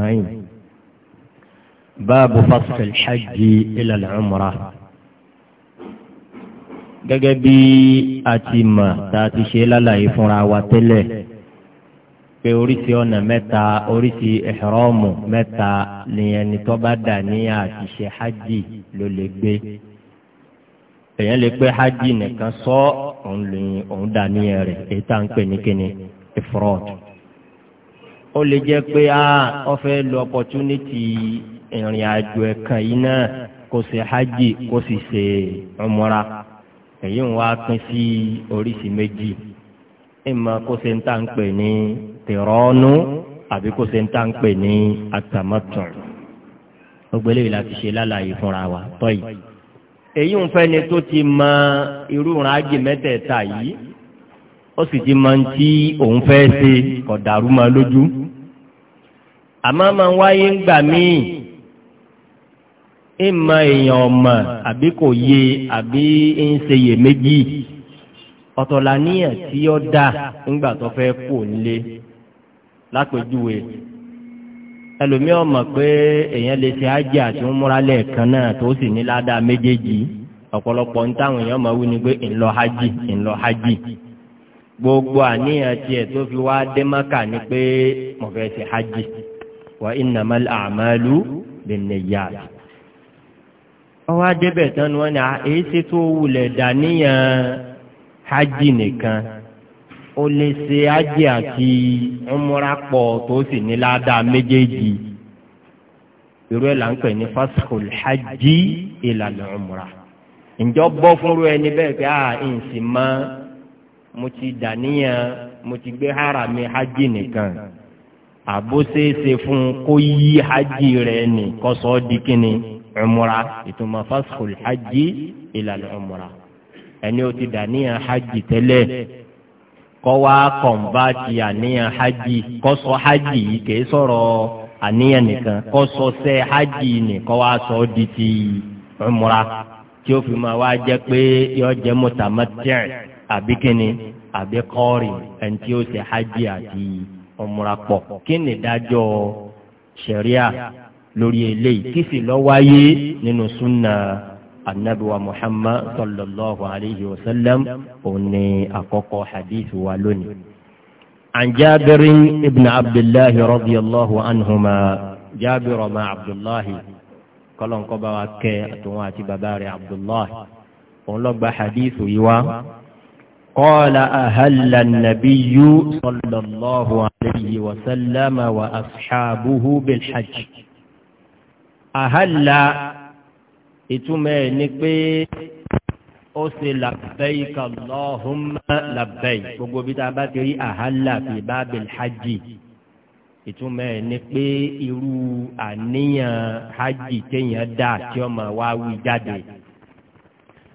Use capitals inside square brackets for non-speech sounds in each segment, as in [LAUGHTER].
أجمعين باب فصل الحج إلى العمرة gẹ́gẹ́ bí a ti mọ̀ tá a ti ṣe lálàyé fúnra wa tẹ́lẹ̀ pé oríṣi ọ̀nà mẹ́ta oríṣi ìhrọ́mù mẹ́ta nìyẹn ni tó bá dà ní àti ṣe hajj ló lè gbé èèyàn lè pé hajj nìkan sọ òun lè òun dà níyẹn rẹ̀ èyí tá à ń pè ní kíni ifrọ́ọ̀tù ó lè jẹ́ pé a ah, ó fẹ́ lo opportunity ìrìn àjò ẹ̀kan yìí náà kó ṣe hajj kó sì ṣe umura èyí ń wá pín sí oríṣi méjì ìmọ̀ kó ṣe ń tà ń pè ní tìrọ́nù àbí kó ṣe ń tà ń pè ní atamatun gbogbo eléyìí la ṣe lálàyé fúnra wa tọ́yì èyí ń fẹ́ ni tó ti mọ irú ìrìnàjò mẹ́tẹ̀ẹ̀ta yìí ó sì ti mọ ti òun fẹ́ ṣe kọ̀dàrú ma lójú àmọ́ máa ń wáyé ń gbà míì ìmọ̀ èèyàn ọ̀mọ̀ àbí kò yé àbí ń ṣe yè méjì ọ̀tọ̀là níyàn tí ó dà ńgbà tó fẹ́ kú nílé lápèjúwe ẹlòmíì ọ̀mọ̀ pé èèyàn lè ṣe ájà tí ń múra lẹ́ẹ̀kan náà tó sì ní ládàá méjèèjì ọ̀pọ̀lọpọ̀ ń táwọn èèyàn máa wí ni pé ńlọ hajj ńlọ hajj gbogbo àníyàn tiẹ̀ tó fi wá dé Mákà ni pé mo ṣe hajj wa innamal a'malu binniyat. ọwọ́ adébẹ̀ tán ni wọ́n ní ah, èyí ṣe tó wulẹ̀ dàníyàn hajj nìkan ó lè ṣe hajj àti umra pọ̀ tó sì ní ládàá méjèèjì irú ẹ̀ là ń pè ní fasikul hajj ìlànà umra ǹjọ́ bọ́ fúnru ẹni bẹ́ẹ̀ pé à ah, ń sì mo ti dàníyàn mo ti gbé hàrà mi hajj nìkan àbóṣeéṣe fún kó yí hajj rẹ̀ ni kọ́sọ́ di kíni umra ìtumọ̀ fasful hajj ìlànà umra ẹni o ti dà níyàn hajj tẹ́lẹ̀ kọ́ wá kọ̀ǹbáàtì àníyàn hajj kọ́sọ́ hajj yìí kìí sọ̀rọ̀ àníyàn nìkan kọ́sọ́ sẹ́ hajj ni kọ́ wá sọ ọ́ di ti umra tí ó fi máa wá jẹ́ pé yọ jẹ́ mutamati' àbí kíni àbí kọ́ọ̀rì ẹni tí ó ṣe hajj àti yìí ọmọra pọ̀ kí ni ìdájọ́ ṣẹ̀ríà lórí eléyìí kí sì lọ wáyé nínú súnà anabiwa muhammad sallallahu alayhi wa sallam òní àkọ́kọ́ hadith wa lónìí. عن جابر ابن عبد الله رضي الله عنهما جابر مع عبد الله قال انقبوا كي أتواتي بباري عبد الله ونلقى حديث يوا قال أهل النبي صلى الله عليه وسلم وأصحابه بالحج أهل إتمي نكبي ó ṣe labẹ́yì kàlọ́hùnmá labẹ́yì gbogbo bí tá a bá ti rí àhálà fi bábìl hajj ìtumọ̀ ẹ̀ ni pé irú àníyàn hajj téèyàn dá tí ó máa wá wí jáde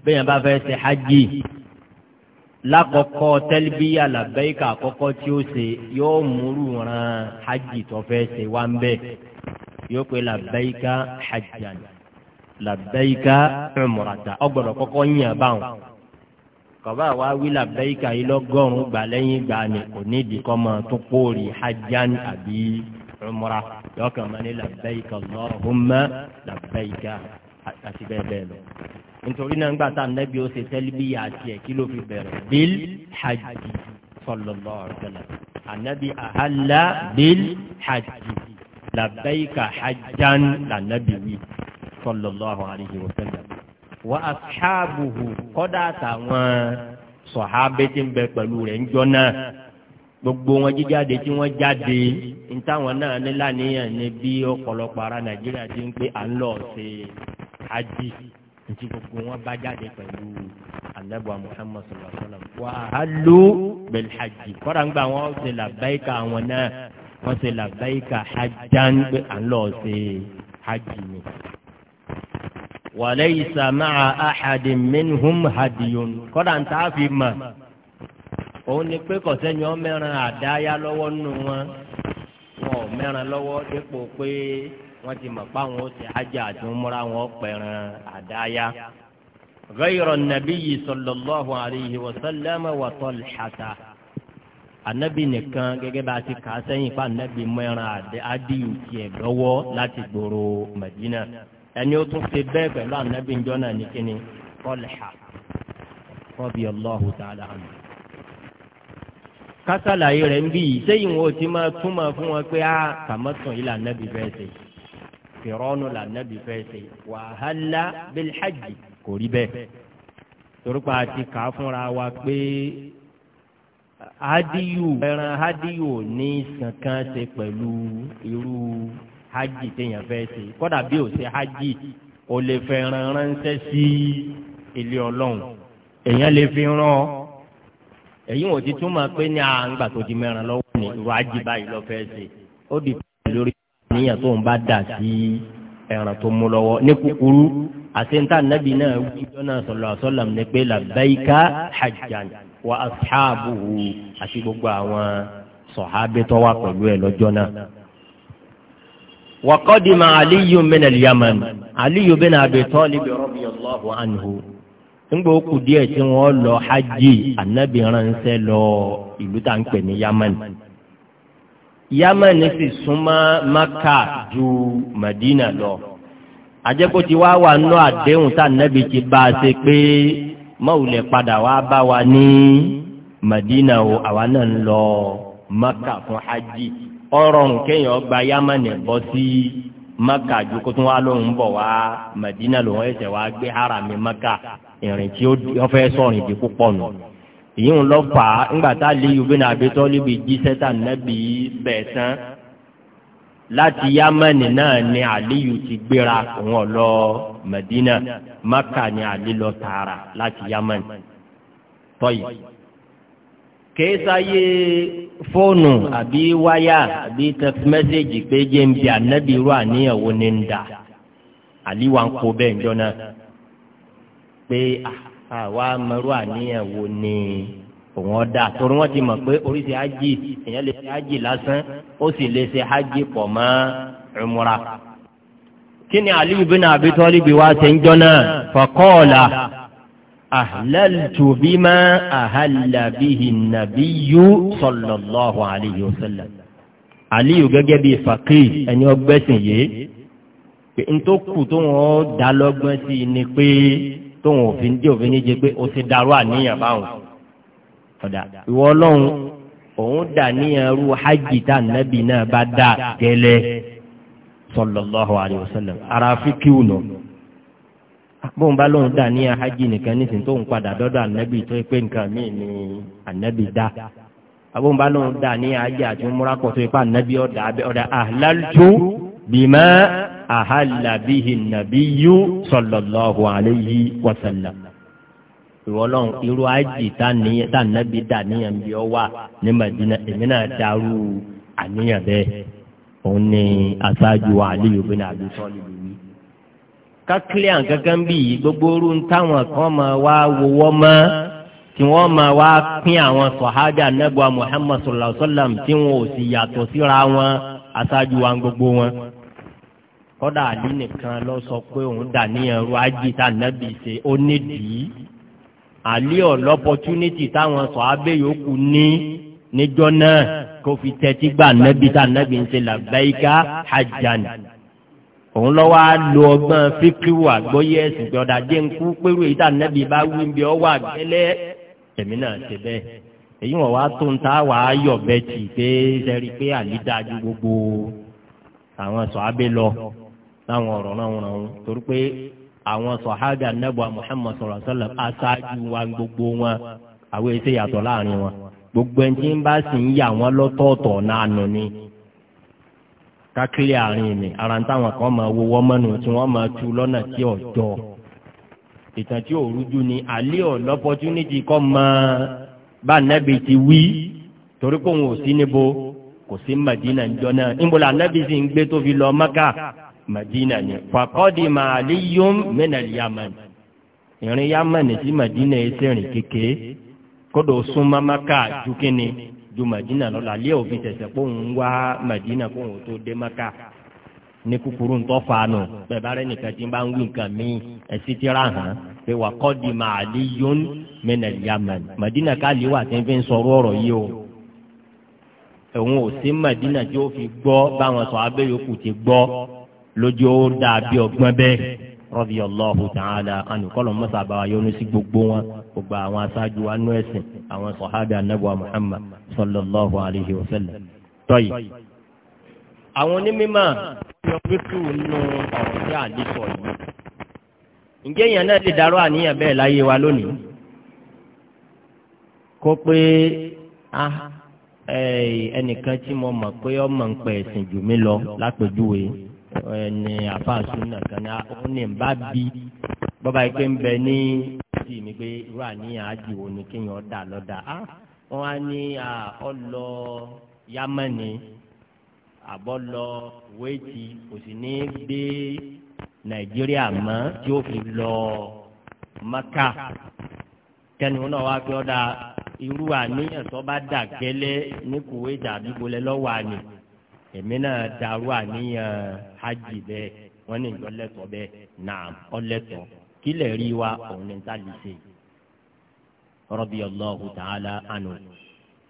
béèyàn bá fẹ́ ṣe hajj lákọ̀ọ́kọ́ tẹ́lbíyà làbẹ́yìká àkọ́kọ́ tí ó ṣe yóò múrù ran hajj tó fẹ́ ṣe wá ń bẹ̀ yóò pe làbẹ́yìká hajjan làbẹ́yìká umrata ọgbọ̀dọ̀ kọ́kọ́ yàn báwọn kọ̀bá wa wí làbẹ́yìká yìí lọ́gọ́rùn-ún gbà lẹ́yìn gbà ní kò kọ́ mọ́ tó pòórì hajjan àbí umra yọkàn mọ́ ní làbẹ́yìká Allahumma làbẹ́yìká àti bẹ́ẹ̀ bẹ́ẹ̀ lọ nítorí náà ńgbà tá ànábì ó ṣe tẹ́lifíyà àti ẹ̀ kí ló fi bẹ̀rẹ̀ bil hajj sallallahu alaihi wasallam ànábì àhálà bil hajj labbaika hajjan lànábì wí sallallahu alaihi wasallam wa ashabuhu kọ́dà àtàwọn sọ̀hábẹ́ tí ń bẹ pẹ̀lú rẹ̀ ń jọ náà gbogbo wọn jíjáde tí wọn jáde ntáwọn náà ní lánìyàn ní bí ọ̀pọ̀lọpọ̀ ara nàìjíríà ti ń pé à ń lọ ṣe hajj nti gbogbo wọn bá jáde pẹ̀lú anabuwa muhammad sallallahu alaihi wa sallam wa ahalu bil hajj kọ́ra ń gba wọn ṣe làbáyíkà àwọn náà wọ́n ṣe làbáyíkà hajjan pé à ń lọ ṣe hajj ni. wàlẹ́ ìsàmà àhàdì minhum hadiyun kọ́ra ń tà fi mọ̀ òun ni pé kọ̀sẹ́ni wọn mẹ́ran àdáyà lọ́wọ́ nù wọn wọn ò lọ́wọ́ dépò pé wọ́n ti mọ̀ pé àwọn ó ti hajj àti múra wọn ó pẹ̀ràn àdáyá. غير النبي صلى الله عليه وسلم وطلحة anabi nìkan gẹ́gẹ́ bá a ti kà á sẹ́yìn fún anabi mẹ́ran adìyù tiẹ̀ lọ́wọ́ láti gbòòrò Madina ẹni ó tún ṣe bẹ́ẹ̀ pẹ̀lú anabi njọ́ náà ní kíni Talha radiyallahu ta'ala anhu. kásálàyé rẹ̀ ń bí yìí sẹ́yìn wo ti máa túmọ̀ fún wọn pé a ah, kàmọ́tàn yìí là anabi bẹ́ẹ̀ sẹ́yìn kìrọ́nù lànàbí fẹ́ ṣe wàhálà bilhajj kò rí bẹ́ẹ̀ torípa àti kà á fúnra wa pé hadiyu ẹran hadiyu ní kankan ṣe pẹ̀lú irú hajj téèyàn fẹ́ ṣe kódà bí ò ṣe hajj o lè fẹ́ ran ránṣẹ́ sí ilé ọlọ́run èèyàn lè fi ràn èyí wọ́n ti túmọ̀ pé ní àǹgbà tó ti mẹ́ran lọ́wọ́ ní irú báyìí lọ́ fẹ́ ṣe ó di lórí àníyàn tó ń bá dà sí ẹran tó mú lọ́wọ́ ní kúkúrú àtẹ̀ntà nàbì náà wí jọ́nà sọ̀lọ̀ àṣọ́làm ní pé làbáyíká hajjan wa ashabuhu àti gbogbo àwọn sọ̀hábẹ́tọ́ wa pẹ̀lú ẹ̀ lọ́jọ́ náà. وقدم علي من اليمن علي بن ابي طالب رضي الله عنه nígbà ó kù díẹ̀ tí wọ́n lọ hajj anabi ránṣẹ́ lọ yamani sì súnmọ́ maka ju madina lọ àjẹkù tí wàá wà nù àdéhùn tá nẹbi ti bá a ṣe pé mọ̀wùlẹ̀ padà wàá bá wa ní madina o àwa náà ń lọ maka fún hajj ọrọ̀rùn kéèyàn gba yamani bọ́ sí maka ju kó tún wàá lóhùn bọ̀ wá madina lòun ẹsẹ̀ wàá gbé harami maka ìrìn tí ó fẹ́ sọ̀rìn di púpọ̀ nù yìí ń lọ fà á ńgbà tá a lè yorùbá náà àbí tọ́líbi jíṣẹ́ tà nẹ́bí bẹ̀ tán láti yámẹ́nì náà ni àlíyù ti gbéra òun ọ̀lọ́ mẹ̀dínà maka ni àlí tààrà láti yámẹ́nì tọ́yì. kèésàyé fóònù àbí wáyà àbí text message pé jẹ́ ń bi ànẹ́bí irú àníyàn wo ń dà àlíwà ń kó bẹ́ẹ̀ ń jọ náà pé ah àwa mẹ́rù àníyàn wo ni òun ọ̀dà torí wọ́n ti mọ̀ pé oríṣi ájì èèyàn lè ṣe ájì lásán ó sì lè ṣe ájì pọ̀ ni Aliyu bin Abi Talib wá ṣe ń jọ́nà faqala ahlaltu bima ahalla bihi sallallahu alayhi aliyu Aliyu gẹ́gẹ́ bíi faqih ẹni ọgbẹ́sìn yìí pé n tó kù tó wọ́n dá lọ́gbọ́n ni pé. tóun òfin dé òfin jẹ pé o ti darú àníyàn báwọn ọ̀dà ìwọ ọlọ́run òun dà níyàn rú hajj tá nàbì náà bá dà gẹ́lẹ́ sallallahu alayhi wa sallam ah, bóun bá lóun dà níyàn hajj nìkan nísìnyí tóun padà dọ́dọ̀ ànábì tó pé nǹkan ni ànábì dá ah, bóun bá lóun dà níyàn hajj àti bima. ahalla bihi nabiyyu sallallahu alayhi wa sallam. ìwọlọ́n irú àjì tá nàbí da bí ọ wà ní Madina èmi náà dàrú àníyàn bẹ́ẹ̀ òun ni aṣáájú Aliyu bin Abi Talib wí. kákílẹ̀ àǹkankan bí yìí gbogbo orú táwọn kan máa wá wọwọ́ mọ́ tí wọ́n máa wá pín àwọn sọ̀hádà wa sallam tí wọn ò sì yàtọ̀ síra wọn gbogbo wọn. kọ́dà àlí nìkan lọ sọ pé òun dà ní ẹrù ajé tá nàbì ṣe ó nídìí àlí ọ̀lọ́pọ̀túnítì táwọn sọ abẹ́ yòókù ní níjọ́ náà kó fi tẹ́tí gbà nàbì tá nàbì ń ṣe làbẹ́yíká hajjan òun lọ wá lo ọgbọ́n fíkíwù àgbọ́yé ẹ̀sìn gbọ́dá dé ń kú pẹ̀lú èyí tá nàbì bá wí ń bí ọ wà gẹ́lẹ́ èmi náà ṣe bẹ́ẹ̀ èyí wọn wá tó ń ta wàá yọ̀ bẹ́ẹ̀ tì pé sẹ́rí pé àlí gbogbo àwọn sọ abẹ́ lọ. láwọn ọ̀rọ̀ náà wọ̀nà wọn torí pé àwọn sọ̀hádà nẹ́bùà Muhammad sọ̀rọ̀ sọ̀lọ̀ aṣáájú wa gbogbo wọn àwọn èsì yàtọ̀ láàrin wọn gbogbo ẹni tí ń bá sì ń yà wọn lọ́tọ̀ọ̀tọ̀ náà nù ni kákìlì àárín ni ara táwọn kan máa wo wọ́n mọ́nu tí wọ́n máa tu lọ́nà tí ọ̀jọ́ ìtàn tí ò rújú ni àlẹ́ ọ̀ kọ́ mọ́ bá nẹ́bi ti wí torí ò sí níbo kò sí náà níbo nẹ́bi sì ń gbé lọ Mẹ́kà madina ni fakọ́dì màálíyùm mẹ́nàlì yaman ìrìn yaman sí madina yìí sẹ́rìn kéke kódò súnmọ́ maka ju kíni ju madina lọ́la alẹ́ òfin tẹ̀sẹ̀ kó ń wá madina kó ń tó dé maka ní kúkúrú ńtọ́ fanu bẹ́ẹ̀ bá rẹ̀ nìkan tí ń bá ń wí nǹkan mí ẹ̀sì ti ra hàn pé wakọ́dì màálíyùm mẹ́nàlì yaman madina ká lè wà tí ń fi ń sọ̀rọ̀ ọ̀rọ̀ yìí o òun ò sí madina tí ó fi gbọ́ báwọn sọ abẹ́yòkù ti gbọ́ lójú ó dàbí ọgbọ́n bẹ́ẹ̀ radiyallahu ta'ala anhu kọ́lọ̀ mọ́sá bá wa yọ́nú sí gbogbo wọn gbogbo àwọn aṣáájú wa ẹ̀sìn àwọn sọ̀hádà nàbọ̀ Muhammad sallallahu alayhi wa sallam. tọ́yì àwọn onímọ̀ yọ pípù nínú ọ̀rọ̀ tí a lè sọ yìí. ǹjẹ́ èèyàn náà lè dárò àníyàn bẹ́ẹ̀ láyé wa lónìí? kó pé ah, eh, ẹnìkan tí mo mọ̀ pé ọmọ ń pẹ̀ ẹ̀sìn jù mí lọ lápèjúwe ẹni àfàsù nàkan ní àwọn ní bá bí bọ́bá yìí pé ń bẹ ní sí mi pé irú àníyàn àjìwò ni kéèyàn dà lọ́dà á ah, wọ́n á ní ọlọ yámẹ́ni àbọ̀ lọ wéètì kò sì ní gbé nàìjíríà mọ́ tí ó fi lọ mẹ́kà kẹ́ni wọn náà wá pé ọ̀dà irú àníyàn tó bá dà gẹ́lẹ́ ní kuwait àdúgbò lẹ́lọ́wọ́ àná. èmi náà darú àníyàn hajj bẹ́ẹ̀ wọ́n ní ìjọ lẹ́tọ̀ bẹ́ẹ̀ náà ọlẹ́tọ̀ kí lè rí wa òun ní tàbí ṣe radiyallahu ta'ala anhu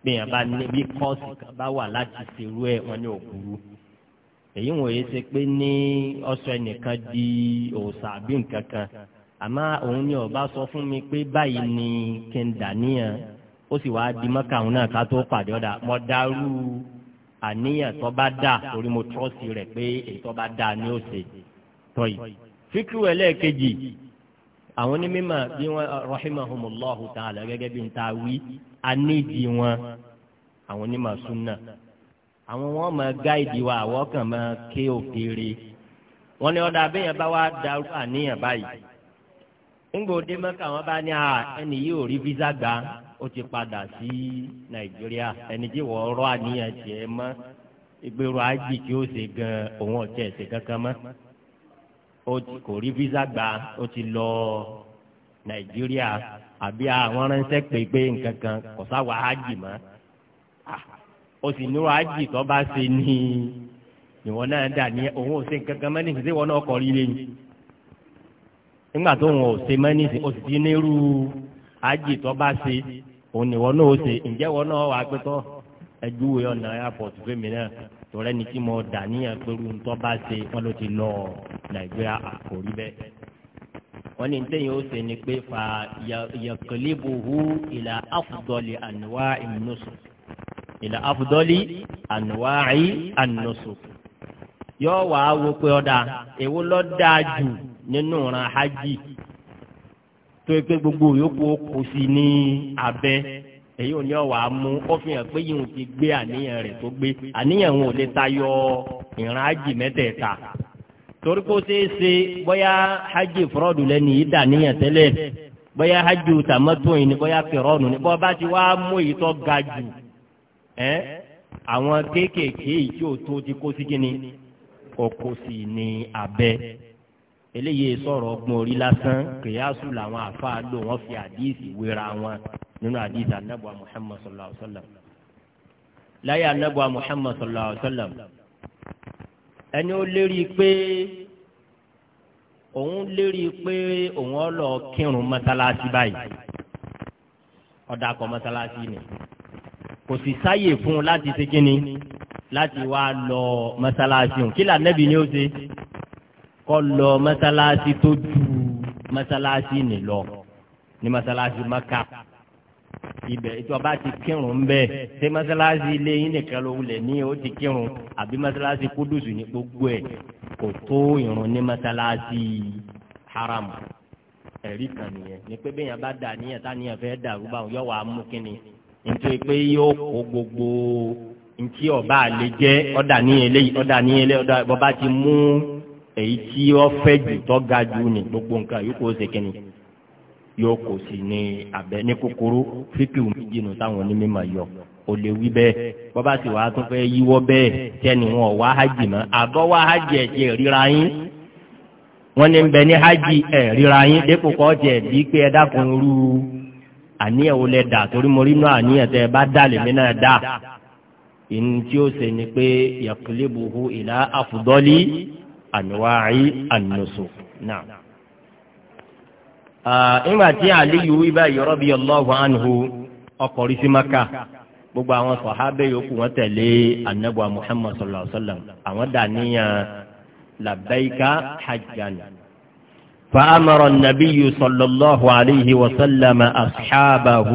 gbìyànjú bá ní bí kọ́ọ̀sì kan bá wà láti ṣerú ẹ̀ wọ́n ní òkúrú èyí wọ́n yé ṣe pé ní ọ̀sọ̀ ẹnìkan di òòṣà bí nǹkan kan àmọ́ òun ni ọba sọ fún mi pé báyìí ni kí n dà níyàn ó sì wáá di mọ́kà òun náà ká tó pàdé ọ̀dà mọ́ dárú àníyàn tó bá dà torí mo trọ́ọ̀sì rẹ̀ pé èyí tó bá dà ni ó ṣe tọ́yì. fíkú ẹlẹ́ẹ̀kejì àwọn onímọ̀ bí wọ́n rahimahumullahu ta'ala gẹ́gẹ́ bí n ta wí anídì wọn àwọn onímọ̀ súnà àwọn wọn máa gáìdì wa àwọn kan máa ké òfèrè wọn ni ọ̀dà abẹ́yẹn bá wá darú àníyàn báyìí ńgbòdè mọ́kà wọn bá ní à yìí ò rí físà gbà á ó ti padà sí nàìjíríà ẹni tí wọ́n rọ́ àníyàn tiẹ̀ mọ́ ìgbèrò àjì tí ó ṣe gan òun ọ̀tẹ̀ ṣe kankan mọ́ ó ti kò rí físà gbà ó ti lọ nàìjíríà àbí àwọn ránṣẹ́ pé pé nǹkan kan kò sáwà àjì mọ́ ó sì nírò àjì tó bá ṣe ní ìwọ náà dà ní òun ò ṣe nǹkan mọ́ nígbà tí ìwọ náà kọ́ rí lẹ́yìn nígbà tó òun ò ṣe mọ́ nísìnyí ó sì ti nírú àjì tó bá ṣe òun ni wọn náà ó ṣe ǹjẹ́ wọn náà wà pẹ́tọ́ ẹjú wo ọ̀nà airport fẹ́mi náà tọ́rẹ́ ni tí mo dà níyàn pẹ̀lú ntọ́ bá ṣe wọn ló ti lọ nàìjíríà àkórí bẹ́ẹ̀. wọ́n ní ntẹ́yìn ó ṣe ni pé fa yaqlibuhu ila afdali anwa'i nusuk ila afdali anwa'i nusuk yọ wàá wo pé ọ̀dà èwo ló dáa jù nínú ìran hajj tó yẹ pé gbogbo yòókù kò sí ní abẹ́ èyí ò ní ọ̀wà mú ó fi hàn pé yìí ti gbé àníyàn rẹ̀ tó gbé àníyàn òun ò lè tayọ ìran ájì mẹ́tẹ̀ẹ̀ta torí kó ṣeé ṣe bóyá hajj fúrọ́ọ̀dù lẹ́nu yìí dà níyàn tẹ́lẹ̀ bóyá hajj tàmọ́tò ni bóyá kẹrọ́ọ̀nù ni bọ́ọ̀ bá ti wá mú èyí tó ga jù ẹ́ àwọn kéékèèké yìí tí ò tó ti kó sí kíni òkò sì ní abẹ́ eléyìí sọ̀rọ̀ ọgbọ́n orí lásán kìyàsù làwọn àfáà lò wọ́n fi àdíìsì wéra wọn nínú àdíìsì anábọ̀ muhammad sallallahu alayhi wa sallam láyé anábọ̀ muhammad sallallahu alayhi wa sallam ẹni ó lérí pé òun lérí pé òun ó lọ kírun mọ́sálásí báyìí ọ̀dà kọ́ mọ́sálásí ni kò sì sáyè fún un láti ṣe kínni láti wá lọ mọ́sálásí òun kí lànàbì ni ó ṣe kọ́ lọ mọ́sálásí tó ju mọ́sálásí nì lọ ní mọ́sálásí maka ibẹ̀ ìjọba ti kírun bẹ́ẹ̀ ṣé mọ́sálásí ilé yín nìkan ló wulẹ̀ ní o ti kírun àbí mọ́sálásí kúdùsù ní gbogbo ẹ̀ kò tó ìrun ní mọ́sálásí haram ẹ̀rí kan nìyẹn ni pé bẹ́ẹ̀ yẹn bá dà níyẹn táníyàn fẹ́ dàrú báwọn yọ wàá mú kínni nítorí pé yóò kó gbogbo ntí ọba àlejẹ ọ̀dà níyẹn lé ọ̀dà níyẹn lé ọ̀dà bọ́ba ti mú èyí tí ó fẹ́ jù tó ga jù ní gbogbo nǹkan yóò kó ṣe kínní yóò kó sí ní abẹ ní kúkúrú fíkìú méjì nù táwọn onímọ̀ yọ ò lè wí bẹ́ẹ̀ bọ́bá sì wàá tún fẹ́ yíwọ́ bẹ́ẹ̀ tẹ́ni wọn wá hajj mọ́ àbọ̀ wá hajj ẹ̀ ti ríra yín wọ́n ní bẹ ní hajj ẹ̀ ríra yín dépò kọ́ tiẹ̀ bí pé ẹ dákun rú àníyàn lẹ dà torí mo rí náà àníyàn tẹ ẹ bá dà lèmi náà dà ìní tí ó ṣe ni pé yàkúlẹ̀ bùhù ìlà àfùdọ́lì àníwáàí ànùsù náà. nígbà tí Aliyu wí báyìí radiyallahu anhu ọkọ̀ rí sí maka gbogbo àwọn sọ̀hábẹ́ yòókù wọ́n tẹ̀lé anabuwa Muhammad sallallahu alayhi wa sallam àwọn dàníyàn hajjan. فأمر النبي صلى الله عليه وسلم أصحابه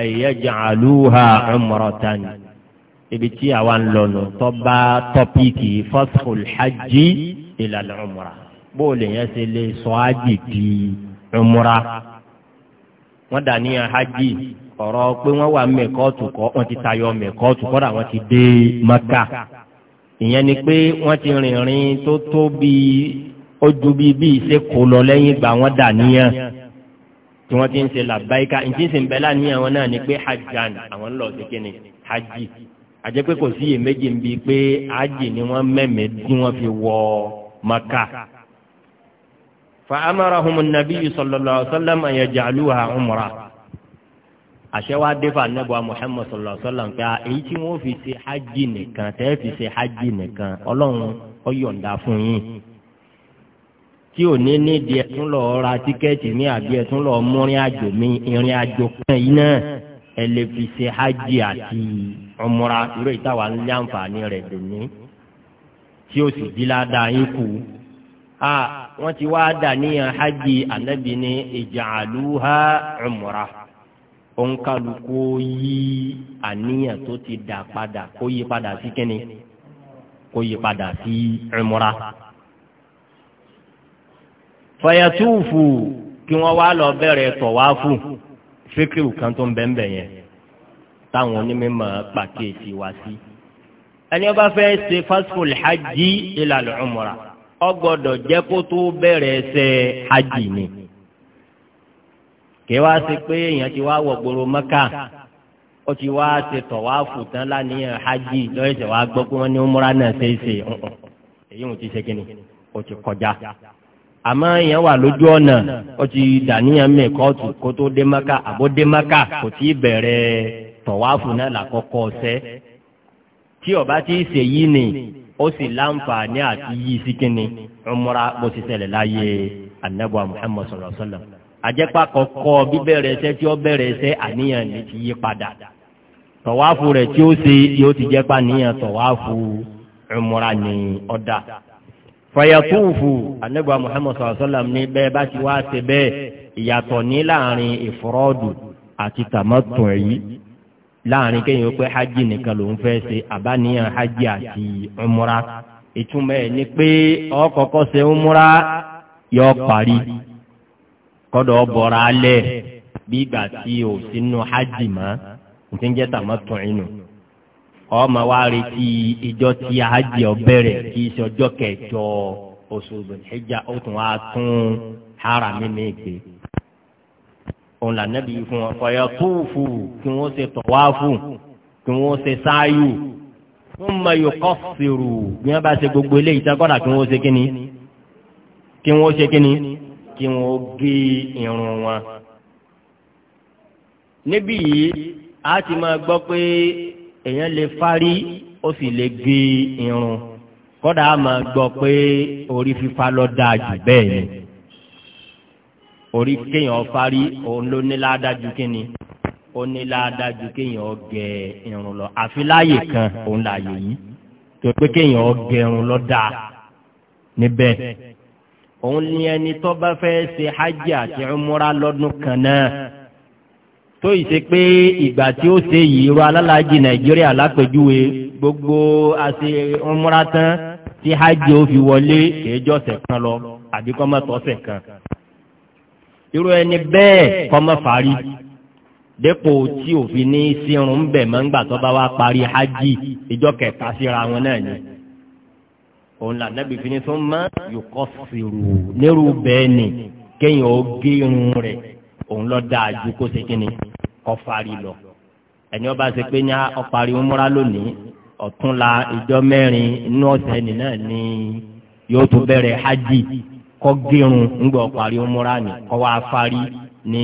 أن يجعلوها عمرة ibi tí àwa ń lọ nù tó bá tọ́píìkì fathul hajj ila al-umra bó o lè yẹn ṣe lè sọ hajj di umra wọ́n dà ní hajj ọ̀rọ̀ pé wọ́n wà mẹ́kọ́ọ̀tù kọ́ wọ́n ti tayọ mẹ́kọ́ọ̀tù kọ́dà wọ́n ti dé maka ìyẹn ni pé wọ́n ti rìnrìn tó tó bíi ó ju bíi bíi ṣe lọ lẹ́yìn ìgbà wọ́n dà níyàn tí wọ́n ti ń ṣe làbáyíká ìdí ìsìn bẹ́lá níyàn wọn náà ni pé hajj àjẹ́ pé kò sí iyèméjì ń bi pé ájì ni wọ́n mẹ́mẹ́ tí wọ́n fi wọ maka. fa amarahum an-nabiyyu sallallahu alaihi wasallam an yaj'aluha umra àṣẹwá défà nẹ́bùa Muhammad sallallahu alaihi wasallam pé èyí tí wọ́n fi ṣe hajj nìkan tẹ́ fi ṣe hajj nìkan ọlọ́run ó yọ̀ǹda fún yín tí ò ní nídìí ẹ̀tún lọ́ọ́ ra tíkẹ́ẹ̀tì ní àbí ẹ̀tún lọ́ọ́ mú ìrìn àjò mi ìrìn àjò kan yìí náà ẹ lè fi ṣe hajj àti ọmọra irú ìtawà ń lé àǹfààní rẹ̀ dòní tí ó sì di ládàá yín kù a wọ́n ti wá dà níyàn hajj ànábì ní ìjàlúhà ọmọra òǹkàlùkù yí àníyàn tó ti dà padà kó yí padà sí kínní kó yí padà sí ọmọra fayatufu kí wọ́n wá lọ bẹ̀rẹ̀ tọ̀wáfù fíkìrù kan tó ń bẹ́ńbẹ́ yẹn táwọn onímọ̀ pàkíyèsí wá sí. ẹni ó bá fẹ́ ṣe fásitì hajj ila al-umra ó gbọ́dọ̀ jẹ́ kó tó bẹ̀rẹ̀ ṣe hajj ni. kí wá sí pé èèyàn ti wá wọ̀ gbòòrò mẹ́kà ó ti wá ṣe tọ̀wáfù tán lánìyàn hajj lọ́yẹ̀ṣẹ̀ wá gbọ́ pé wọ́n ní umra náà ṣe é ṣe èyí ò ti ṣe kí ni ó ti kọjá àmọ́ èèyàn wà lójú ọ̀nà ó ti dàníyàn mẹ́ kóòtù kó tó dé maka àbó dé maka kò tí ì bẹ̀rẹ̀ tọ̀wáfù náà làkọ́kọ́ ọ̀sẹ́ tí ọba ti ṣe yí ni ó sì láǹfààní àti yí sí kínni umra bó ti ṣẹlẹ̀ láyé anabu muhammad sallallahu alaihi wasallam àjẹpá kọ̀ọ̀kọ́ bíbẹ̀rẹ̀ ẹsẹ̀ tí ó bẹ̀rẹ̀ ẹsẹ̀ àníyàn ní ti yí padà tọ̀wáfù rẹ̀ tí ó ṣe yóò ti jẹ́pá níyàn tọ̀wáfù umra ní ọ̀dà. fayatufu anagba muhammad sallallahu alaihi wa sallam bẹ́ẹ̀ bá ti wá ṣe bẹ́ẹ̀ ìyàtọ̀ ní láàrin ìfúrọ́dù àti tàmọ́tò yìí láàrin kéèyàn pé hajji nìkan ló ń fẹ́ ṣe àbáníyàn hajj àti ni pé ó kọ́kọ́ se umra yóò parí kọ́dọ̀ bọ̀ra alẹ́ bí ìgbà tí ò sínú hajj mọ́ ní ti ń jẹ́ tàmọ́tò nù. ọmọ wa retí ìjọ tí àájì ọbẹ̀rẹ̀ kì í ṣe ọjọ́ kẹjọ oṣù dhul ó tún wá tún hara mímí gbé. òun là nẹ́bí fún wọn fọyọ túùfù kí wọ́n ṣe tọ̀wáfù kí wọ́n ṣe sáyù fún mayò kọ́sìrù bí wọ́n bá ṣe gbogbo eléyìí sẹ́kọ́dà kí wọ́n ṣe kíni kí wọ́n ṣe kíni kí wọ́n gé irun wọn. níbí yìí a ti máa gbọ́ pé èèyàn lè fárí ó sì lè gé irun kódà á máa gbọ́ pé orí fífá lọ dáa jù bẹ́ẹ̀ ni orí kéèyàn fárí òun ló ní ládájú kíni ó ní ládájú kéèyàn gé irun lọ àfi láàyè kan òun láàyè yìí tó pé kéèyàn gé irun lọ dáa níbẹ̀ òun ni ẹni tó bá fẹ́ ṣe hajj àti umura lọ́dún kan náà tó ìṣe pé ìgbà tí ó ṣe yìí irú alálàájì nàìjíríà lápèjúwe gbogbo àṣe ńmúra tán tí hajj ó fi wọlé kéjọ́ ọ̀sẹ̀ kan lọ àbí kọ́mọ́tọ́ ọ̀sẹ̀ kan irú ẹni bẹ́ẹ̀ kọ́mọ́ fàárí dépò tí òfin ní sírun bẹ̀ mọ́ ńgbà tó bá wá parí hajj ìjọ kẹta síra wọn náà ni òun là nábì fi ni tó má yòókọ́ sírù nírú bẹ́ẹ̀ ni kéèyàn ó gé irun rẹ̀ òun lọ dáa ju kó ṣe kí ni kọfari lọ ẹni ọba ṣe pé ní ọparí múra lónìí ọ̀túnla ìjọ mẹ́rin inú ọ̀sẹ̀ ẹni ni yóò tún bẹ̀rẹ̀ hajj kọ́ gírun ńgbọ̀ ọparí múra ni kọ́ wá fárí ní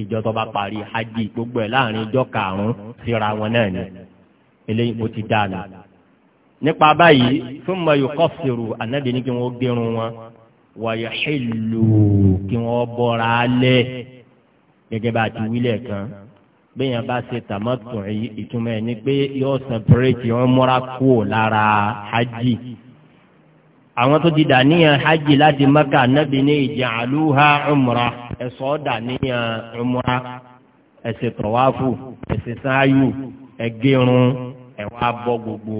ìjọ tó bá parí hajj gbogbo ẹ̀ láàrin ìjọ karùn-ún síra wọn náà ni eléyìí mo ti dà nù. nípa báyìí fún mọ yòókọ sèrò ànábìíní kí wọn gírun wọn wàyà hìlù kí wọn bọra lẹ. gẹ́gẹ́ bá a ti wílẹ̀ kan bẹ́yàn bá ṣe tàmọ́tò ìtumọ̀ ẹ̀ ni pé yóò sẹpẹrẹtì wọn múra kú lára hajj àwọn tó ti dà níyàn hajj láti mẹ́kà nábì ní ija'aluha umra ẹ̀sọ́ dà níyàn umra ẹ̀sẹ̀ tọ̀wáfù ẹ̀sẹ̀ sáyù ẹ̀gẹ́rùn ẹ̀wà bọ́ gbogbo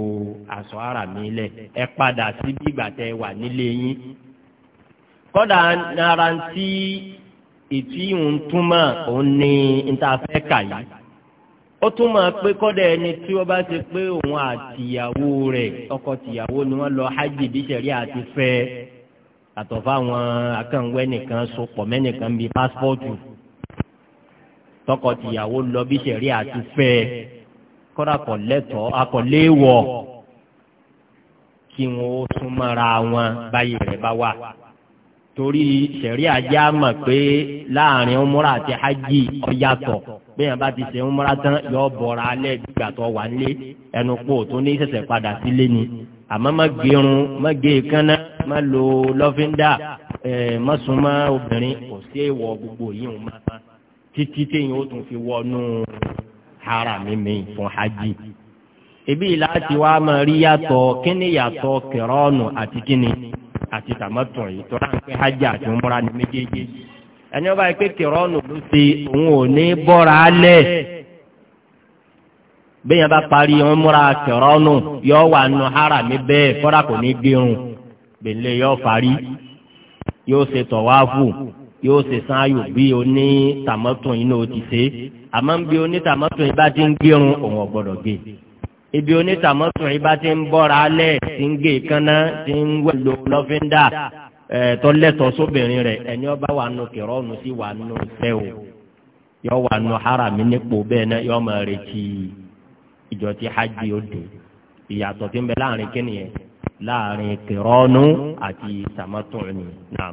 aṣọ ara mi lẹ̀ ẹ padà sí bí ìgbà tẹ wà nílé yín kọ́dà nara ti ìtí ń túmọ̀ òun ní ntàfẹ́kà yìí ó túmọ̀ pé kọ́dà ẹni tí wọ́n bá ṣe pé òun àtìyàwó rẹ̀ ọkọ tìyàwó ni wọ́n lọ hajj bí sẹ̀rí àti fẹ́ àtọ̀ fáwọn akẹ́wẹ́ nìkan sopọ̀ mẹ́nìkan bíi pásítọ̀tù tọkọ tìyàwó lọ bí sẹ̀rí àti fẹ́ kọ́dà kọ̀lẹ́tọ̀ akọ̀léwọ̀ kí wọ́n ó súnmọ́ra wọn báyìí rẹ̀ bá wà torí sẹ̀rí ajá mọ̀ pé láàrin umra àti hajj ọ̀yàtọ̀ bẹ́ẹ̀ bá ti ṣe umra tán yọ bọ̀ra alẹ́ gbà tó wà nílé ẹnu pò tó ní sẹ̀sẹ̀ padà sílé ni àmọ́ má gerun má ge kánná má lo lọ́fíńdà ẹ̀ má súnmọ́ obìnrin kò sí ìwọ gbogbo yìí ń mọ́ títí téèyàn ó tún fi wọnú harami mi fún hajj ibi láti wá máa rí yàtọ̀ kíni yàtọ̀ kẹrọ́ọ̀nù àti kíni àti tàmọ́tò yìí tó rà ń pẹ́ hajj àti múra ní méjèèjì ẹni ọba yìí pé kìrọ́ọ̀nù ló ṣe òun ò ní bọ́ra lẹ̀ bẹ́yẹn bá parí wọn múra kìrọ́ọ̀nù yọ wà nù hara mi bẹ́ẹ̀ kọ́ra kò ní gbẹ̀rùn gbẹ̀lẹ̀ yọ fari yóò ṣe tọ̀wáfù yóò ṣe san ayò bí oní tàmọ́tò yìí náà ti ṣe àmọ́ bí oní tàmọ́tò yìí bá ti ń gbẹ̀rùn òun ò gbọ́dọ̀ ibi onítàmọ́sùn yìí bá ti ń bọ́ra alẹ́ tí ń gé kánná tí ń wẹ̀lò lọ́fíńdà tọ́lẹ́tọ̀ sóbìnrin rẹ̀ ẹni ọba wà nù kìrọ́ọ̀nù sí wà nù tẹ́ o yọ wà nù harami nípò bẹ́ẹ̀ náà yọ máa retí ìjọ tí hajj ó dé ìyàtọ̀ tí ń bẹ láàrin kí nìyẹn láàrin kìrọ́ọ̀nù àti tàmọ́sùn ni náà.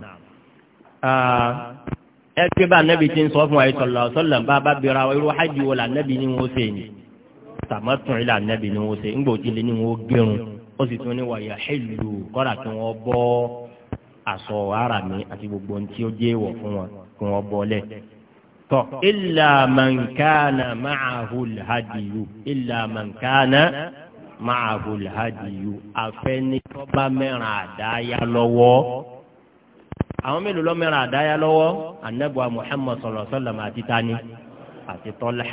ẹ gbé bá anabi ti ń sọ fún wa sallallahu alaihi wasallam bá bá bira irú hajj wo la anabi ni wọ́n ṣe ni tàmátùn ilà nẹ́bí ni wọ́n ṣe ńgbò tí lè ní wọ́n gẹrun ó sì tún ní wàyà hẹ́lù kọ́dà kí wọ́n bọ́ aṣọ ara mi àti gbogbo ohun tí ó jẹ́ wọ̀ fún wọn kí wọ́n bọ́ lẹ̀. tọ́ ilà mànkánà máàhùl hadiyu ilà mànkánà máàhùl hadiyu afẹ́nitọ́ba mẹ́rin àdáyà lọ́wọ́ àwọn mélòó lọ́mẹ́rin àdáyà lọ́wọ́ anábùwà muhammad sallallahu alaihi wasallam àti tani àti tọ́lá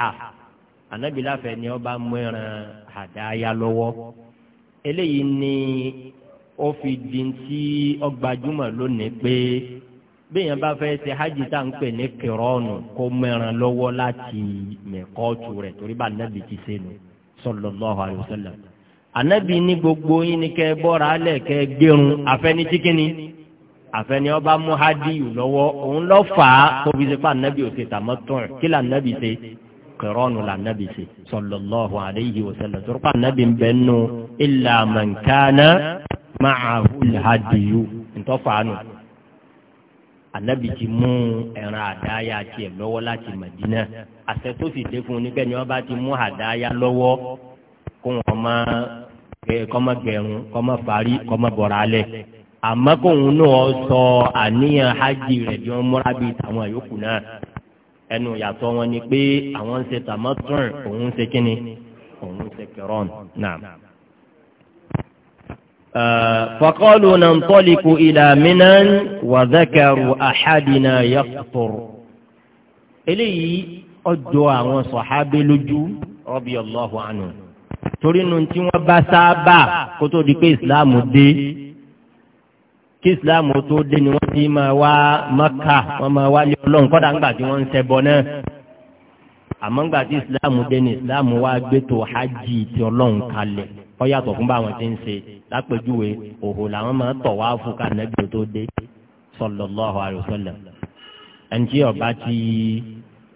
anabi láfẹ ni ọba mẹran àdáyà lọ́wọ́ eléyìí ni ó fi di ti ọgbajúmọ̀ lónìí pé bẹ́ẹ̀yàn bá fẹ́ ṣe hajj tá à ń pè ní kìrọ́ọ̀nù kó mẹ́ran lọ́wọ́ láti mẹ́kọ́ọ̀tù rẹ̀ torí bá anabi ti ṣe nu sallallahu alaihi wasallam. anabi ní gbogbo yín ni kẹ́ bọ́ra alẹ́ kẹ́ gbẹ̀rún àfẹ́ni tíkínní àfẹ́ni ọba mú hadiyu lọ́wọ́ òun lọ́ fà á kó fi ṣe pa anabi ò tàmọ́tọ́ rẹ̀ kí lànàbi ṣe kẹrọ́nù là nàbì sí sallallahu alayhi wa sallam tó rúpa nàbì ń bẹ nù illa man kana ma'ahu al-hadiyu ntọ́fàánù ànábì ti mú ẹran àdáyà tiẹ̀ lọ́wọ́ láti Mẹ̀dínà àṣẹ tó sì dé fún un níbẹ̀ ni wọ́n bá ti mú àdáyà lọ́wọ́ kó wọn má kọ́mọ gẹ̀rún kọ́mọ parí kọ́mọ bọ̀rọ̀ alẹ̀ àmọ́ kóun náà sọ àníyàn hajj rẹ̀ bí múra bíi tàwọn yòókù náà ẹnu yàtọ̀ wọn ni pé àwọn ń ṣe tàmọ́tún òun ń ṣe kínni òun ń ṣe kẹrọ́n náà. faqalu nantaliqu ila minan wa dhakaru ahadina yaqtur. eléyìí ọjọ́ àwọn sọ̀hábé lójú radiyallahu anhu. torí nu tí wọ́n bá sábà kó tó di pé ìsìláàmù dé kí ìsìláàmù tó dé ni wọ́n tí máa wá Mẹ́kà wọ́n máa wá lé ọlọ́run kọ́dà ńgbà tí wọ́n ń ṣẹbọ náà àmọ́ ńgbà tí ìsìláàmù dé ní ìsìláàmù wá gbẹ́tò hajj ti ọlọ́run kalẹ̀ ó yàtọ̀ fún báwọn ti ń ṣe lápèjúwe òhò làwọn máa tọ̀ wá fún kànẹ́bí tó dé sallallahu alaihi wasallam ẹni tí ọba ti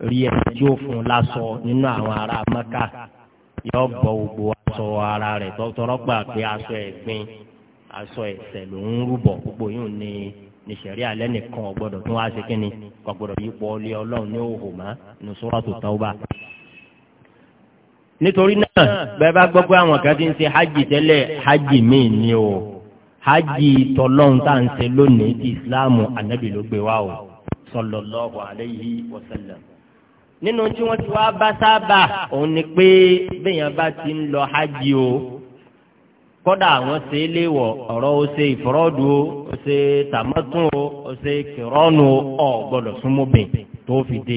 rí ẹni tí ó fún un lásọ nínú àwọn ará Mẹ́kà yóò bọ gbogbo aṣọ ara rẹ̀ tọ́tọ́rọ́ pé aṣọ ẹ̀gbin aṣọ ẹ̀sẹ̀ ló ń rúbọ̀ gbogbo yìí ní ní sẹ̀rí alẹ́ nìkan ọ̀gbọ́dọ̀ tó wá sí kínní ọ̀gbọ́dọ̀ yí pọ̀ ọlẹ́ ọlọ́run ní òhò má ní Suratu Tauba. nítorí náà bẹ́ẹ̀ bá gbọ́ pé àwọn kan ti ń ṣe hajj tẹ́lẹ̀ hajj míì ni o hajj tọlọ́run tá à ń ṣe lónìí ti Islam anabi ló gbé wa o sallallahu alayhi wa nínú tí wọ́n ti wá bá sábà òun ni pé bẹ́ẹ̀ yẹn bá ti ń lọ hajj o kọ́dà àwọn ṣe é léwọ̀ ọ̀rọ̀ ó ṣe ìfọ́rọ́dù ó ó ṣe tàmọ́tún ó ó ṣe kìrọ́nù ó gbọ́dọ̀ súnmọ́bìn tó fi dé